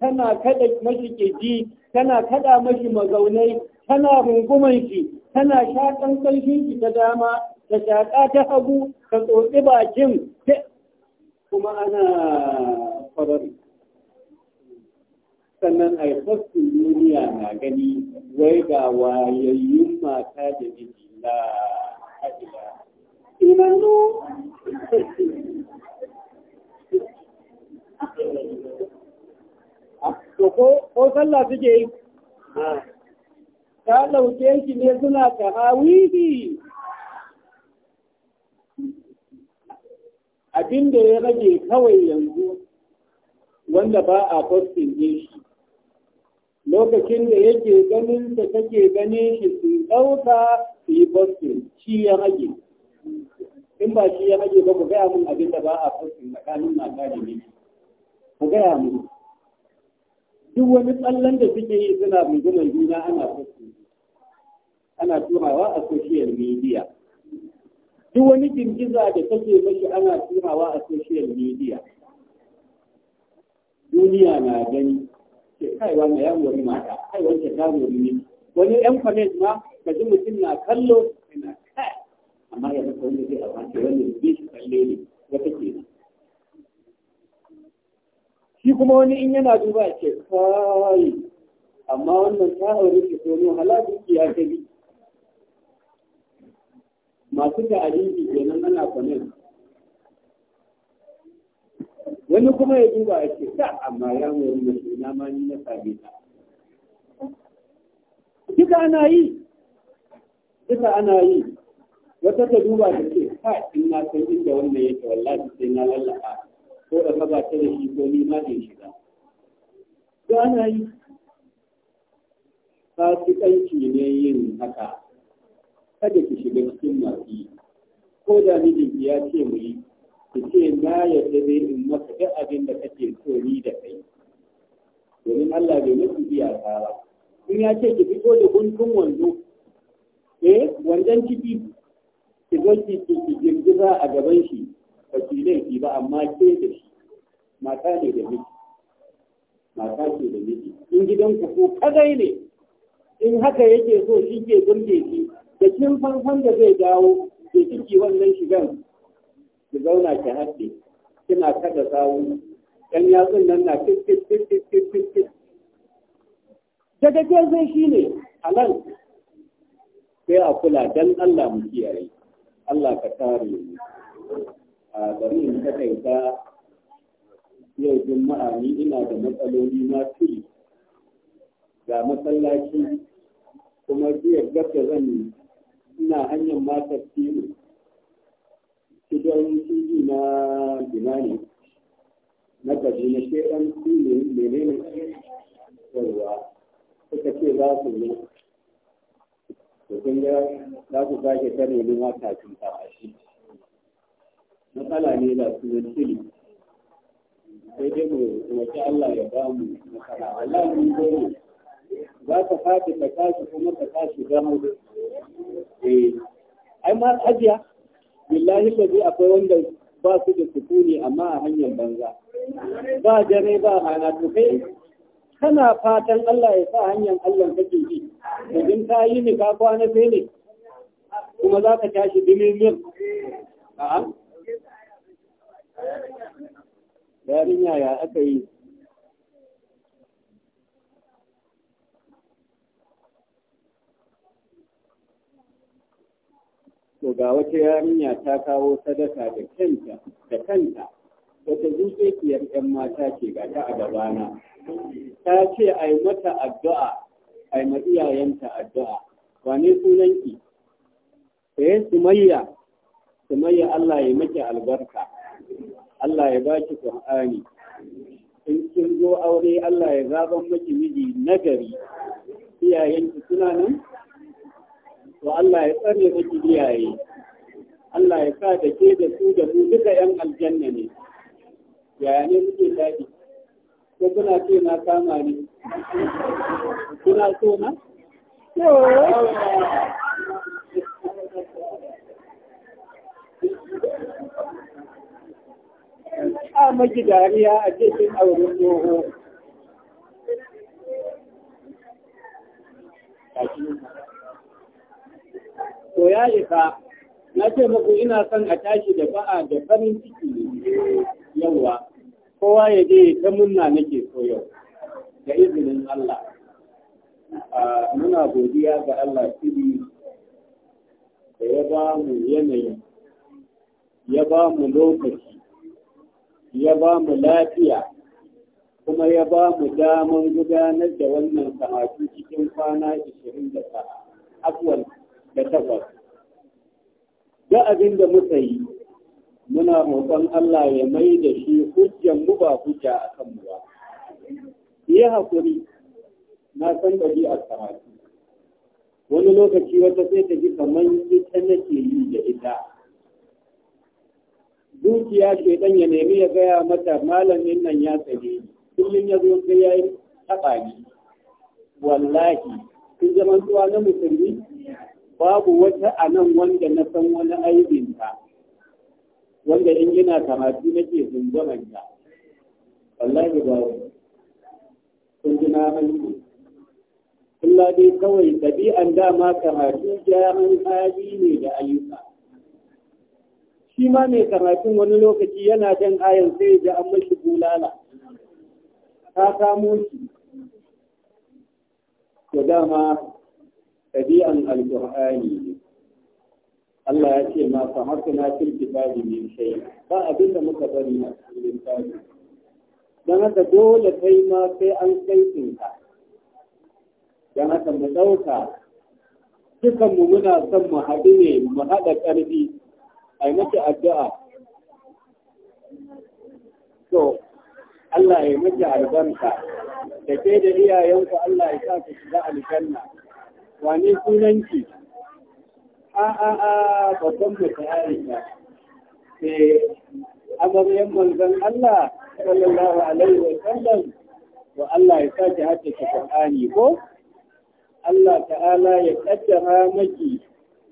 tana kada mashi ƙirji tana kada mashi mazaunai tana rungumar shi tana shaƙan ƙanshin shi ta dama ta shaƙa ta hagu ta tsotsi bakin kuma ana farar sannan a haskin duniya na gani wai ga wayayyun mata da miji na haɗila to ko ko sallah suke yi ta ɗauke shi ne suna tahawihi abin da ya rage kawai yanzu wanda ba a kwastin shi lokacin da yake ganin ta take ganin shi su ɗauka su yi kwastin shi ya rage in ba shi ya rage ba ku gaya mun abin da ba a kwastin tsakanin mata da miji ku gaya mun duk wani tsallan da suke yi suna rungunan juna ana fasu ana turawa a social media duk wani girgiza da take mashi ana turawa a social media duniya na gani ke kaiwa na ya mata kai wancan ta ne wani yan kwanet ma ka ji mutum na kallo yana kai amma ya zaka wani zai a wani wani zai shi kalle ne ke kenan shi kuma wani in yana duba ce kai amma wannan ta aure ki to ne ya gani. masu da aliki kenan ana kwanin wani kuma ya duba a ce ta amma ya mai mace na ma ni na same ta duka ana yi duka ana yi wata ta duba ta ce ha in na san inda wannan yake wallahi sai na lallaba ko da ka ba ta da shi ko ni ma shiga to ana yi fasikanci ne yin haka kada ki shiga cikin masu yi ko da mijinki ya ce mu yi ki ce na yarda dai in maka duk abin da kake so ni da kai domin Allah bai nufi iyaka ba in ya ce ki fito da guntun wando eh wandan ciki ki zo ki ki girgiza a gaban shi ba laifi ba amma ke da shi mata ne da miki mata ce da miki in gidanku ko kadai ne in haka yake so shi ke gurge shi. da kin da zai dawo ke ciki wannan shigan ki zauna ki haɗe kina kada sawu ɗan yatsun nan na fit fit fit fit fit zai shi ne nan. sai a kula don Allah mu kiyaye Allah ka tare mu a bari in takaita yau juma'a ni ina da matsaloli na tuli ga masallaci kuma jiya gabda zan ina hanyar matar tilu gidan tv na binani na kaduna sai ɗan tilu menene yawa suka ce za su yi to kun ga za ku sake ta nemi mata kafin ta a shi matsala ne da su na sai dai mu roƙi Allah ya ba mu matsala Allah mun gode za ka fata ka tashi kuma ka tashi gamo eh ai ma hajiya billahi da akwai wanda ba su da sukuni amma a hanyar banza ba dare ba hana to kai kana fatan Allah ya sa hanyar Allah kake ji idan ka yi ni ka kwana sai ne kuma za ka tashi dimimin a'a yarinya ya aka yi to ga wata yarinya ta kawo sadaka da kanta da kanta wata zuciyar 'yan mata ce ga ta a gabana ta ce a yi mata addu'a a yi iyayenta addu'a wane sunanki sayan eh, sumayya sumayya Allah ya maki albarka Allah ya ba ki Qur'ani in kin zo aure Allah ya zaban miki miji nagari ki suna nan to Allah ya tsare miki iyaye Allah ya sa da ke da su da su duka yan aljanna ne yaya ne muke daɗi ko kuna ce na kama ne kuna so na a maki dariya a cikin auren tsoho to ya isa na ce muku ina son a tashi da ba'a da farin ciki yawa kowa ya je ta munna nake so yau da izinin Allah muna godiya ga Allah shiri da ya ba mu yanayi ya ba mu lokaci ya ba mu lafiya kuma ya ba mu daman gudanar da wannan samaki cikin kwana 29 afwan da takwas Ga abin da muka yi muna roƙon Allah ya mai da shi hujjan mu ba hujja a kan mu ba yi hakuri na san ɗari a karatu wani lokaci wata sai ta ji kamar ita nake yi da ita dukiya ke dan ya nemi ya gaya mata malamin nan ya tsare kullum ya zo sai ya yi tsabani wallahi sun zaman tuwa na musulmi babu wata a nan wanda na san wani aibinta wanda in yana kamati nake ta wallahi babu sun ji na hannu Allah dai kawai ɗabi'an dama kamar su jaman ne da ayyuka. shi ma mai karatun wani lokaci yana jan ayan sai ji an mashi bulala ta samo shi to dama tabi'an alƙur'ani ne Allah ya ce ma fa hasuna fil kitabi min shay ba abin da muka bari a cikin kitabi dan haka dole kai ma sai an kai ka dan haka mu dauka dukan mu muna son mu haɗu ne mu haɗa ƙarfi ai mata addu'a to Allah ya mata albarka da ke da iyayenku Allah ya sa ku shiga aljanna wane sunanki a a a babban mutum Aisha sai eh, amaryan manzon Allah sallallahu alaihi wa sallam wa Allah ya sa ki hatta Qur'ani ko Allah ta'ala ya kaddara maki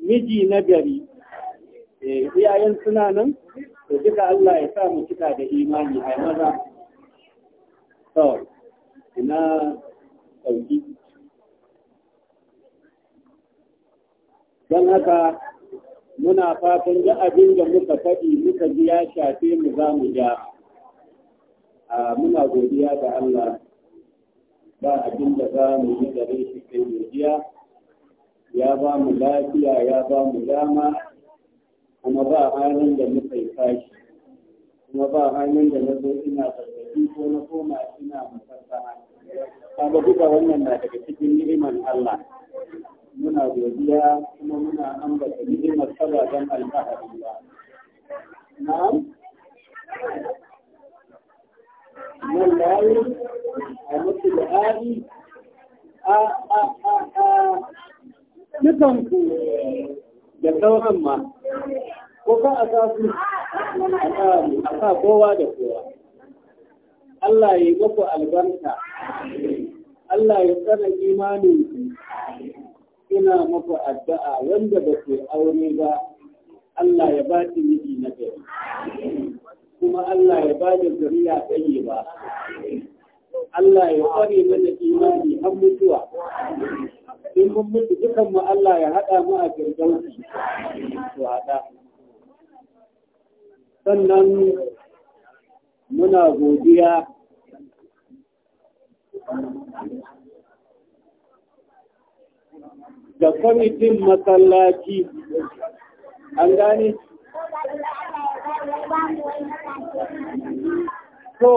miji nagari Eh, iyayen suna nan da duka Allah ya sa mu cika da imani a maza to ina ɗauki don haka muna fatan ga abin da muka faɗi muka ji ya shafe mu za mu ja muna godiya ga Allah ba abin da za mu yi gare shi kai godiya ya ba mu lafiya ya ba mu dama kuma ba halin da muka yi fashi kuma ba halin da na zo ina zazzabi ko na koma ina masassana kaga duka wannan na daga cikin ni'iman Allah muna godiya kuma muna ambata ni'imar sababan alfahari ba na'am nan layi a mutu da ari a a a a dukanku da sauran ma ko ka a sa a sa kowa da kowa Allah ya yi muku albarka Allah ya tsara imanin ina muku addu'a wanda ba ke aure ba Allah ya ba ki miji na gari kuma Allah ya ba da zuriya tsaye ba Allah ya kware mana imani har mutuwa in mun mutu dukan mu Allah ya haɗa mu a firdausi to haɗa sannan muna godiya da kwamitin masallaci an gane? To,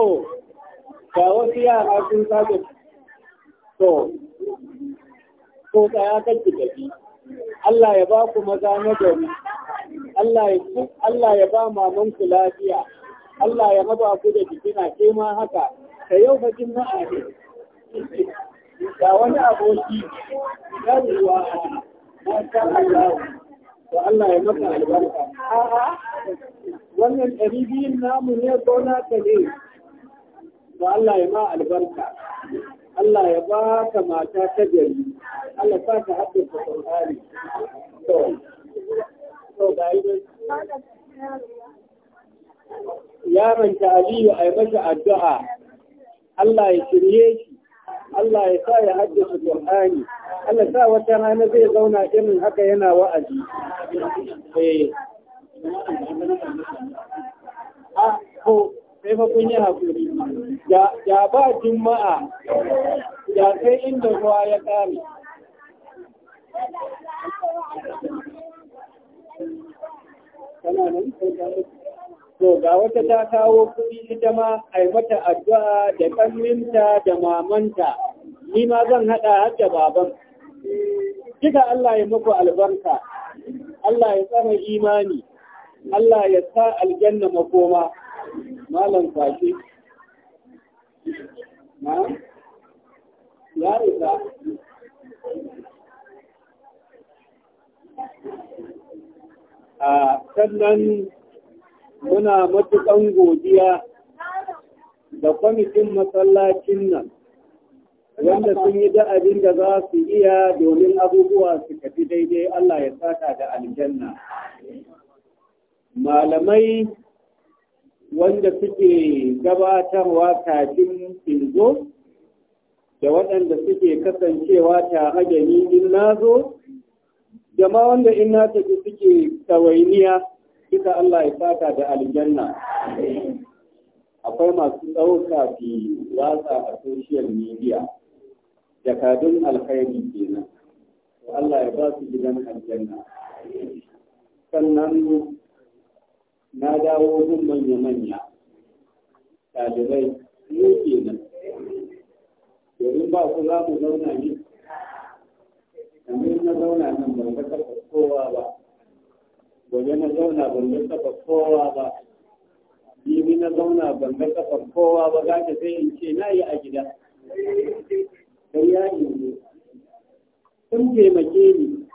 ga wasu yara sun sake to, tsaya kan tafi, Allah ya ba ku maza na gari. Allah ya ba mamanku lafiya Allah ya raba ku da jikina ke ma haka ka yau fa jima'a ne da wani aboki a masha Allah to Allah ya maka albarka wannan ɗari biyun namu ne gona ta ne to Allah ya ma albarka Allah ya ba ka mata ta gari Allah sa ka haɗe ka Qur'ani yaron ta aliyu a masa addu'a Allah ya shirye shi Allah ya sa ya haddace Qur'ani Allah sa wata rana zai zauna irin haka yana wa'azi eh. ah, sai yi hakuri ya ba juma'a ya sai inda ruwa ya ƙare. tana to ga wata ta kawo kuɗi ita ma yi mata addu'a da ƙanninta da mamanta ni ma zan haɗa har da baban kika Allah ya muku albarka Allah ya tsara imani Allah ya sa aljanna makoma malam kwashe. Ma? ya rika A sannan muna matuƙan godiya da kwamitin matsalacin nan wanda sun yi da'abin da za su iya domin abubuwa su tafi daidai Allah ya saka da aljanna. Malamai wanda suke gabatarwa kafin inzo da waɗanda suke kasancewa ta da in in nazo jama wanda in na tafi suke tawainiya duka Allah ya saka da aljanna akwai masu ɗauka fi watsa a social media jakadun alkhairi kenan Allah ya ba su gidan aljanna sannan na dawo mun manya-manya ɗalibai ne kenan domin ba ku za mu zauna ne yanzu na zauna nan ban ga kafa kowa ba gobe na zauna ban ga kafa kowa ba bibi na zauna ban ga kafa kowa ba za ta sai in ce na yi a gida sai ya yi ne Sun taimake ni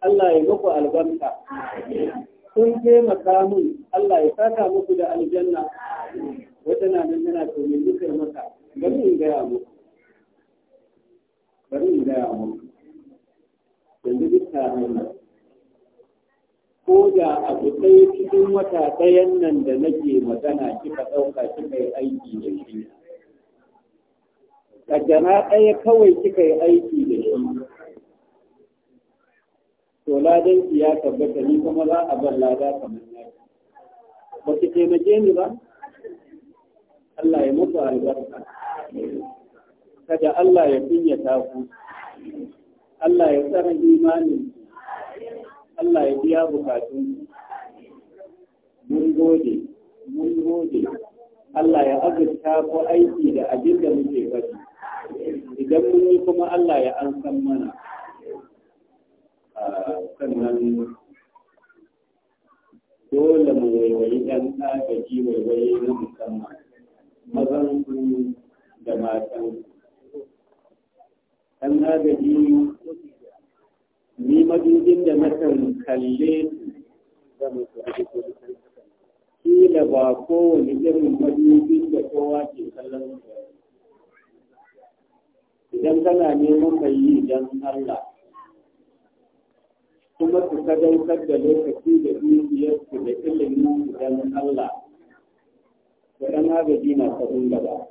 Allah ya muku albarka Sun taimaka mun Allah ya saka muku da aljanna wata na nan tana to me muka maka bari in gaya muku bari in gaya muku yanzu duk taron nan ko da abu ɗaya cikin wata ɗayan nan da nake magana kika ɗauka kika yi aiki da shi ƙaddana ɗaya kawai kika yi aiki da shi to ladan ya tabbata ni kuma za a bar lada kamar na ba ki taimake ni ba Allah ya muku albarka kada Allah ya ta ku Allah ya tsara imanin Allah ya biya bukatun mun gode mun gode Allah ya azurta ko aiki da abin da muke faɗi idan mun yi kuma Allah ya an san mana ah, sannan dole mu waiwayi ɗan ji waiwai na musamman mazan da matan ɗan agaji ni madubin da na kan kalle kila ba kowane irin madubin da kowa ke kallon idan kana neman mai yi don Allah kuma su sadaukar da lokaci da dukiyarsu da ilimin don Allah da ɗan agaji na sabon gaba.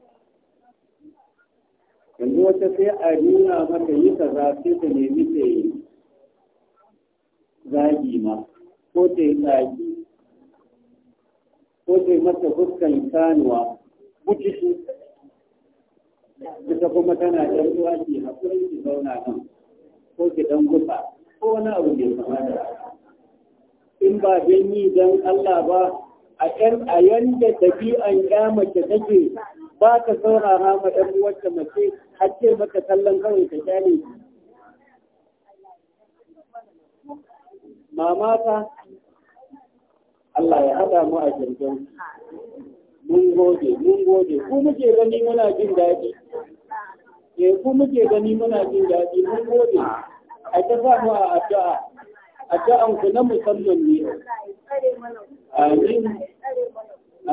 yanzu wata sai a nuna mata yi ta za sai ta nemi ta yi zagi ma ko ta yi zagi ko ta yi mata fuskan sanuwa su ita kuma tana ɗan zuwa ke haƙuri ki zauna nan ko ki ɗan gufa ko wani abu bai kama da in ba don yi don Allah ba a yanda ɗabi'an an mace take ba ka saurara ma ‘yan uwarta mace har ce maka kallon kawai ka kyale mama ta Allah ya haɗa mu a jirgin mun gode mun gode ku muke gani muna jin daɗi ke eh, ku muke gani muna jin daɗi mun gode a ta sa mu a addu'a addu'an ku na musamman ne amin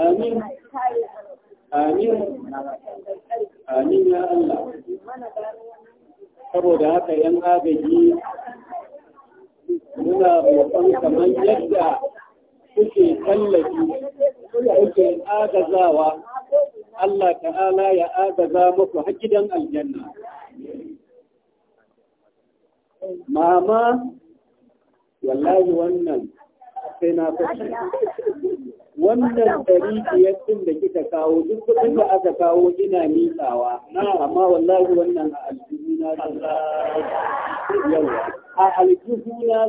amin Amin. Amin ya Allah. Saboda haka ‘yan agaji muna roƙon kamar yadda kuke tallafi, kuke agazawa, Allah ta'ala ya agaza muku hakidan aljanna. Mama, wallahi wannan sai na fashe. wannan ɗari biyar ɗin da kika kawo duk kuɗin da aka kawo ina miƙawa amma wallahi wannan a na zan a na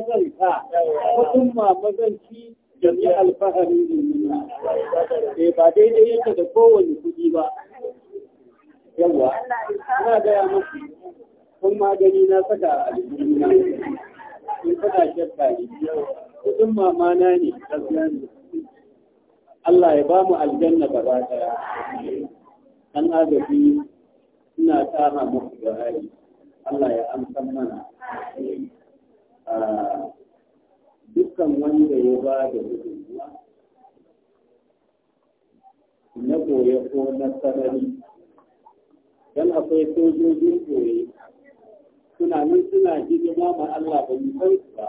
zan sa kuɗin mama ci da ni alfahari ne nuna eh ba daidai yake da kowane kuɗi ba Yawwa, ina gaya muku kun magani na saka a na. in faɗa shakka ne kuɗin mamana ne gaskiya ne Allah ya ba mu aljanna gaba an agaji ina tsara muku da hali Allah ya amsa mana ah, dukkan wanda ya ba da gudunmuwa na goye ko na sarari don akwai sojojin goye, suna suna hidima ma Allah ba mu san ba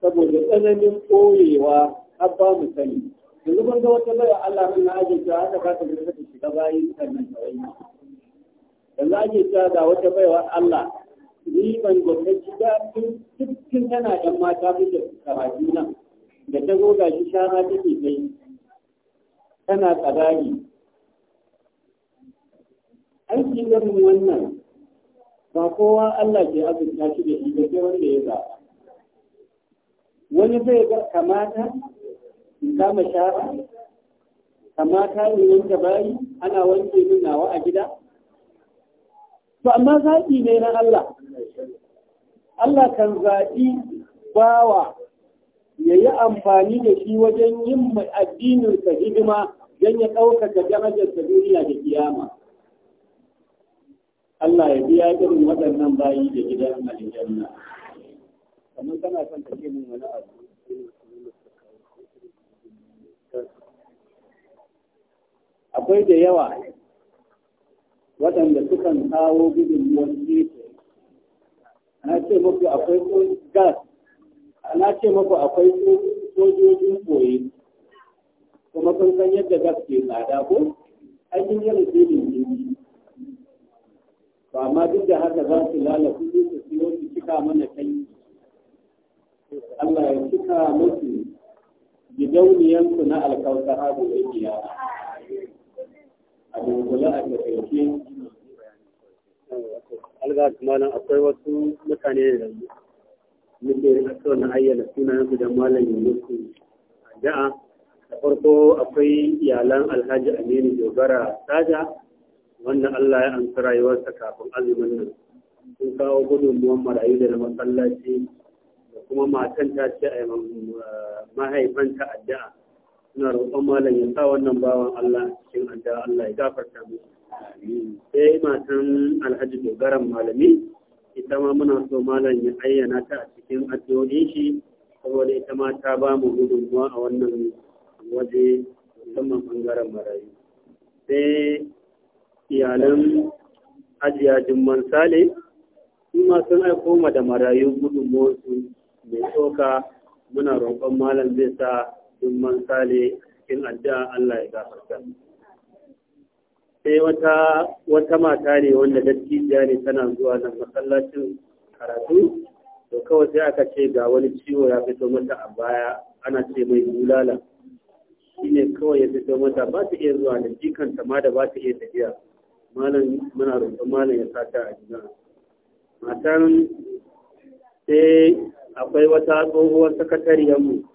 saboda tsananin koyewa har ba mu sani yanzu kun ga wata laya Allah mun na aje ta haka ba ta da ta shiga bayi kan nan kawai yanzu aje ta ga wata baiwa Allah ni ban gwamnati da cikin tana da mata muke karatu nan da ta zo shi shara take kai tana tsarari aiki irin wannan ba kowa Allah ke azurta shi da shi da wanda ya zaɓa wani zai ga kamata kama shara amma ta yi wanke bayi ana wanke min nawa a gida to amma zaɓi ne na Allah Allah kan zaɓi bawa ya yi amfani da shi wajen yin addininsa hidima don ya ɗaukaka darajarsa duniya da kiyama Allah ya biya irin waɗannan bayi da gidan aljanna kamar kana son ka ce min wani abu akwai da yawa waɗanda sukan kawo gudunmuwar gefe na ce muku akwai gas na ce muku akwai sojojin koyi kuma kun san yadda gas ke tsada ko aikin yin rikinin jini ba ma duk da haka za su lalata su siyo su cika mana kai Allah ya cika musu gidauniyansu na alkawtar haɗu da kiyama a a akwai wasu mutane da muke rikasta wannan ayyana sunayen su da malam yanzu ja'a da farko akwai iyalan alhaji aminu jogara saja wannan allah ya amsa rayuwarsa kafin azumin nan sun kawo gudunmuwan marayu da masallaci da kuma matan ta ce a eh, mahaifanta addu'a suna roƙon malam ya sa wannan bawan Allah cikin adda Allah ya gafarta mu. Sai matan Alhaji dogaran malami ita ma muna so malam ya ayyana ta a cikin addu'o'in shi saboda ita ma ta ba mu gudunmuwa a wannan waje musamman bangaren marayu. Sai iyalan ajiya jimman sale su ma sun aiko ma da marayu gudunmuwarsu mai tsoka muna roƙon malam zai sa Jumman Sale cikin addu'a Allah ya gafarta. Sai wata mata ne wanda dattijiya ne tana zuwa nan masallacin karatu to kawai sai aka ce ga wani ciwo ya fito mata a baya ana ce mai bulala shine kawai ya fito mata ba ta iya zuwa da jikanta ma da ba ta iya tafiya malam muna roƙon malam ya sata a jina matan sai akwai wata tsohuwar sakatariyar mu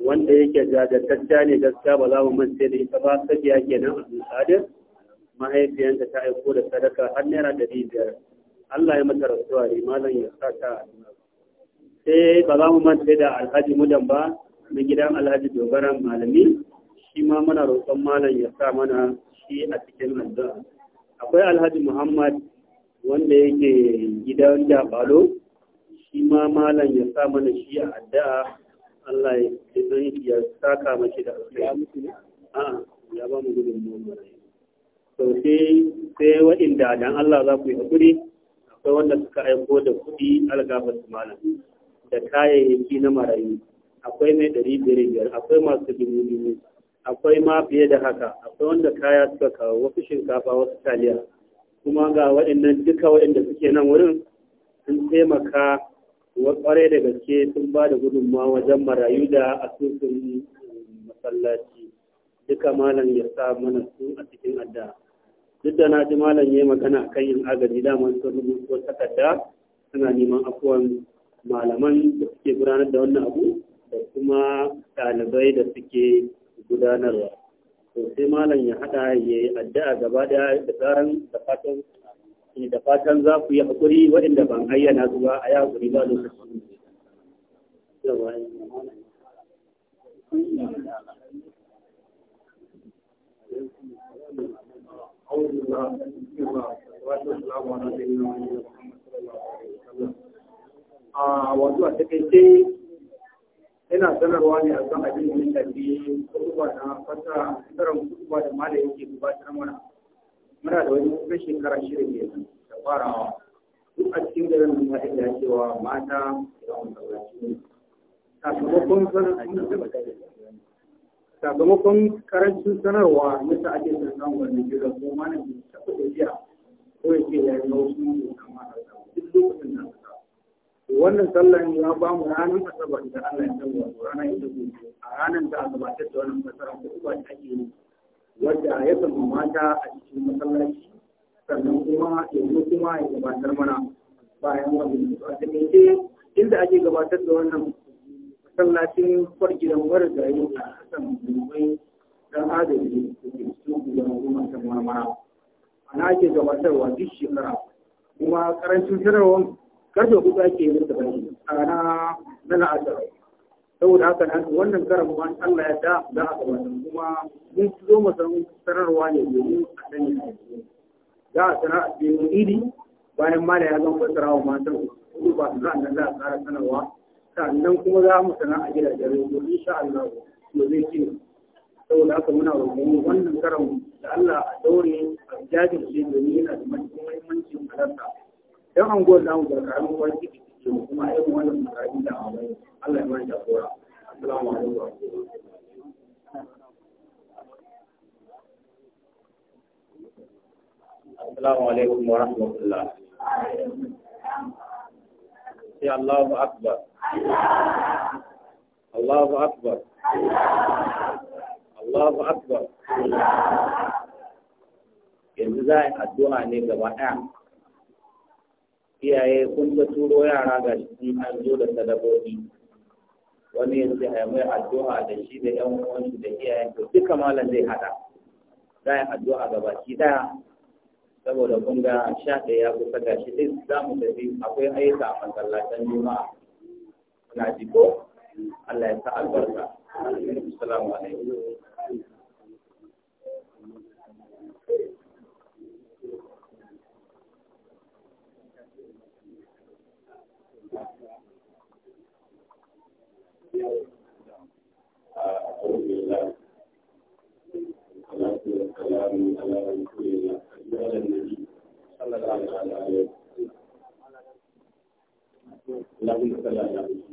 wanda yake jajantacca ne gaskiya ba za mu mance da ita ba sabiya kenan abdulkadir mahaifiyanta ta aiko da sadaka har naira ɗari biyar allah ya mata rasuwa ne malam ya sa ta sai ba za mu mance da alhaji mudan ba na gidan alhaji dogaran malami shi ma muna roƙon malam ya sa mana shi a cikin addu'a akwai alhaji muhammad wanda yake gidan jabalo shi ma malam ya sa mana shi a addu'a Allah ya don ya saka maki da alkhairi a'a ya ba mu gudun mu to sai sai wa'inda dan Allah za ku yi hakuri akwai wanda suka aiko da kuɗi algafar malam da kayayyaki na marayu akwai mai ɗari biyar biyar akwai masu dubu dubu akwai ma fiye da haka akwai wanda kaya suka kawo wasu shinkafa wasu taliya kuma ga waɗannan duka waɗanda suke nan wurin sun taimaka kuwa kware da gaske sun ba da gudunmawa wajen marayu da asusun masallaci duka malam ya sa mana su a cikin adda duk da na ji malam ya yi magana a kan yin agaji daman sun rubuto takarda suna neman afuwan malaman da suke gudanar da wannan abu da kuma ɗalibai da suke gudanarwa to sai malam ya haɗa ya yi addu'a gaba ɗaya da tsarin da fatan da fatan za ku yi haƙuri waɗanda ban ayyana su ba a yi haƙuri ba lokacin a wasu a takaice yana sanarwa ne a kan abin da ya shafi kutuba na fata tsaron kutuba da malayin ke gubatar mana muna da wani kuma shekara shirin ne da farawa duk a cikin da zan ta da cewa mata da masallaci sakamakon sakamakon karancin sanarwa ta ake samun wani jira ko mana ke taɓa biya. ko ya ce ya yi wasu ne mata da duk lokacin da suka wannan sallan ya ba mu ranar asabar da Allah ya san wato ranar ita ku a ranar da asabar da wannan fasara ko ba ta ake yi wadda ya samu mata a cikin masallaci sannan kuma yanzu kuma ya gabatar mana bayan wani a taƙaice inda ake gabatar da wannan masallacin fargidan wadda da yi a kasan dubbai don adalci da ke cikin gudan hukumar marmara ana ake gabatarwa duk shekara kuma karancin sanarwar karfe kuka ke yin da a ranar na la'asar saboda haka nan wannan karan ma Allah ya da za a gaba kuma mun zo mu san sararwa ne domin a sani za a sanar da yin idi bayan mala ya zama fasara wa matan kudu ba su zan nan za a tsara sanarwa sannan kuma za mu sana a gidajen rediyo insha Allah to zai ci saboda haka muna roƙon wannan karan da Allah a daure a jajirce domin yana da muhimmancin halarta dan anguwar namu ba karamin wani to da assalamu alaikum wa rahmatullah sai Allahu akbar Allahu akbar Allahu akbar yanzu za a yi addu'a ne gaba ɗaya iyaye kun ta turo yara ga shi an zo da sadakoki wani ya ce mai addu'a da shi da yan uwansu da iyayen to duka malam zai hada za a addu'a ga baki daya saboda kun ga sha ɗaya ya kusa ga shi ɗin za mu tafi akwai ayyuka a masallacin juma'a na ji ko Allah ya sa albarka. Assalamu alaikum. Thank you.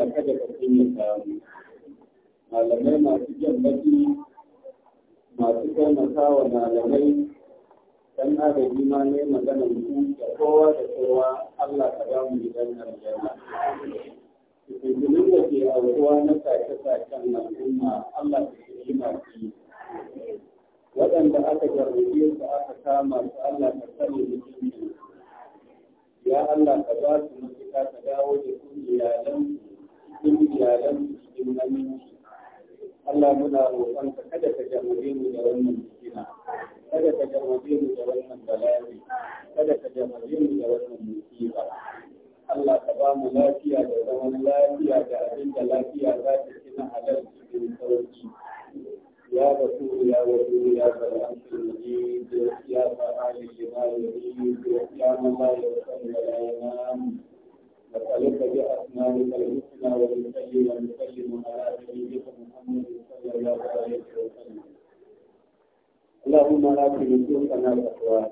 Allah kada ka kunya samu malamai masu jan baki masu taimaka wa malamai dan adadi ma ne maganar su da kowa da kowa Allah ka ba mu gidan aljanna Fitinin da ke aukuwa na sace-sacen al'umma Allah ka shirya masu waɗanda aka jarrabe su aka kama su Allah ka sani mutum ya Allah ka ba su mafita ka dawo da su iyalansu cikin iyalan cikin aminci Allah muna roƙon ka kada ka jarrabe mu da wannan fitina kada ka jarrabe mu da wannan bala'i kada ka jarrabe mu da wannan musiba Allah ka ba mu lafiya da zaman lafiya da abin da lafiya za ta ci na halal cikin sauki ya rasu ya wasu ya salam ya fa'ali lima yuridu ya man ya yusalla ya yi nam نسألك بأسمائك الحسنى ونصلي ونسلم على نبيك محمد صلى الله عليه وسلم اللهم لا تنسونا تقواها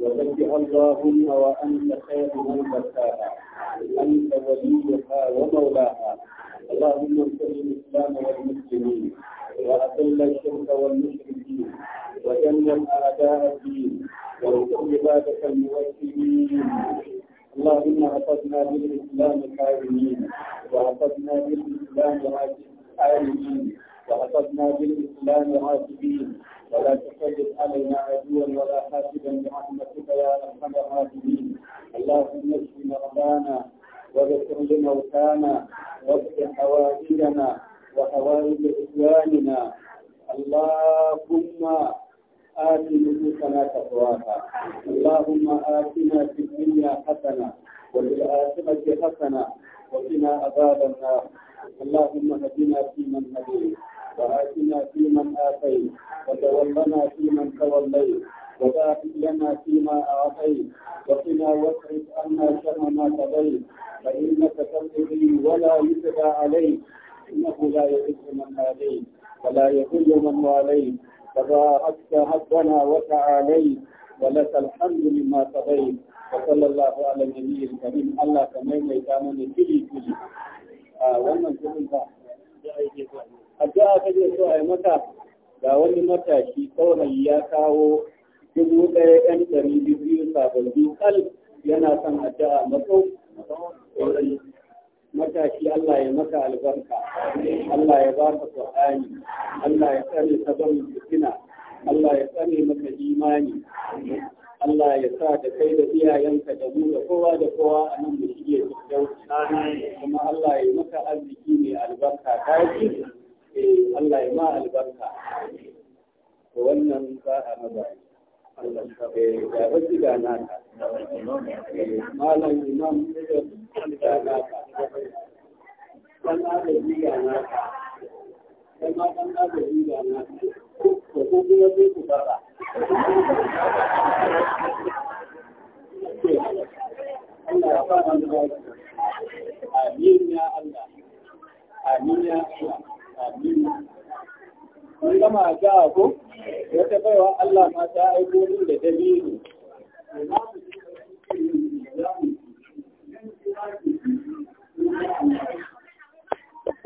وزكها اللهم وانت خير من زكاها انت وليها ومولاها اللهم انصر الاسلام والمسلمين واذل الشرك والمشركين وجنب اعداء الدين وانصر عبادك الموحدين اللهم عطتنا بالإسلام كاظمين وعطتنا بالإسلام عالمين وعطتنا بالإسلام عاتبين ولا تسلط علينا عدوا ولا حاسدا برحمتك يا أرحم الراحمين اللهم اشف مرضانا واغفر لموتانا واصلح حوائجنا وحوائج إخواننا اللهم آت نفوسنا تقواها اللهم آتنا في الدنيا حسنة وفي الآخرة حسنة وقنا عذاب النار اللهم هدنا فيمن هديت وآتنا فيمن آتيت وتولنا فيمن توليت وبارك لنا فيما أعطيت وقنا واصرف عنا شر ما قضيت فإنك تقضي ولا يتبع عليك إنه لا يحب من هاديت ولا يذل من واليت تباركت ربنا وتعاليت ولك الحمد لما قضيت وصلى الله على النبي الكريم الله كما يتامن كلي كلي wannan kudin ba addu'a ta je so ai mata ga wani matashi saurayi ya kawo dubu ɗaya ɗan ɗari biyu sababbi kal yana son addu'a matsau matashi Allah ya maka albarka Allah ya ka Qur'ani Allah ya tsare sabon ban fitina Allah ya tsare maka imani Allah ya sa da kai da iyayenka da mu da kowa da kowa a nan da shige cikin kuma Allah ya maka arziki mai albarka ka ji eh, Allah ya ma albarka wannan ba a maza ga wasu ga naka malam imam ga naka dan agaji ga naka dan ma dan agaji ga naka ko ko kuma sai ku fara Allah ya fara da amin ya Allah amin ya Allah amin kun gama ga ko wata baiwa Allah ma ta aiko min da dalili Thank you.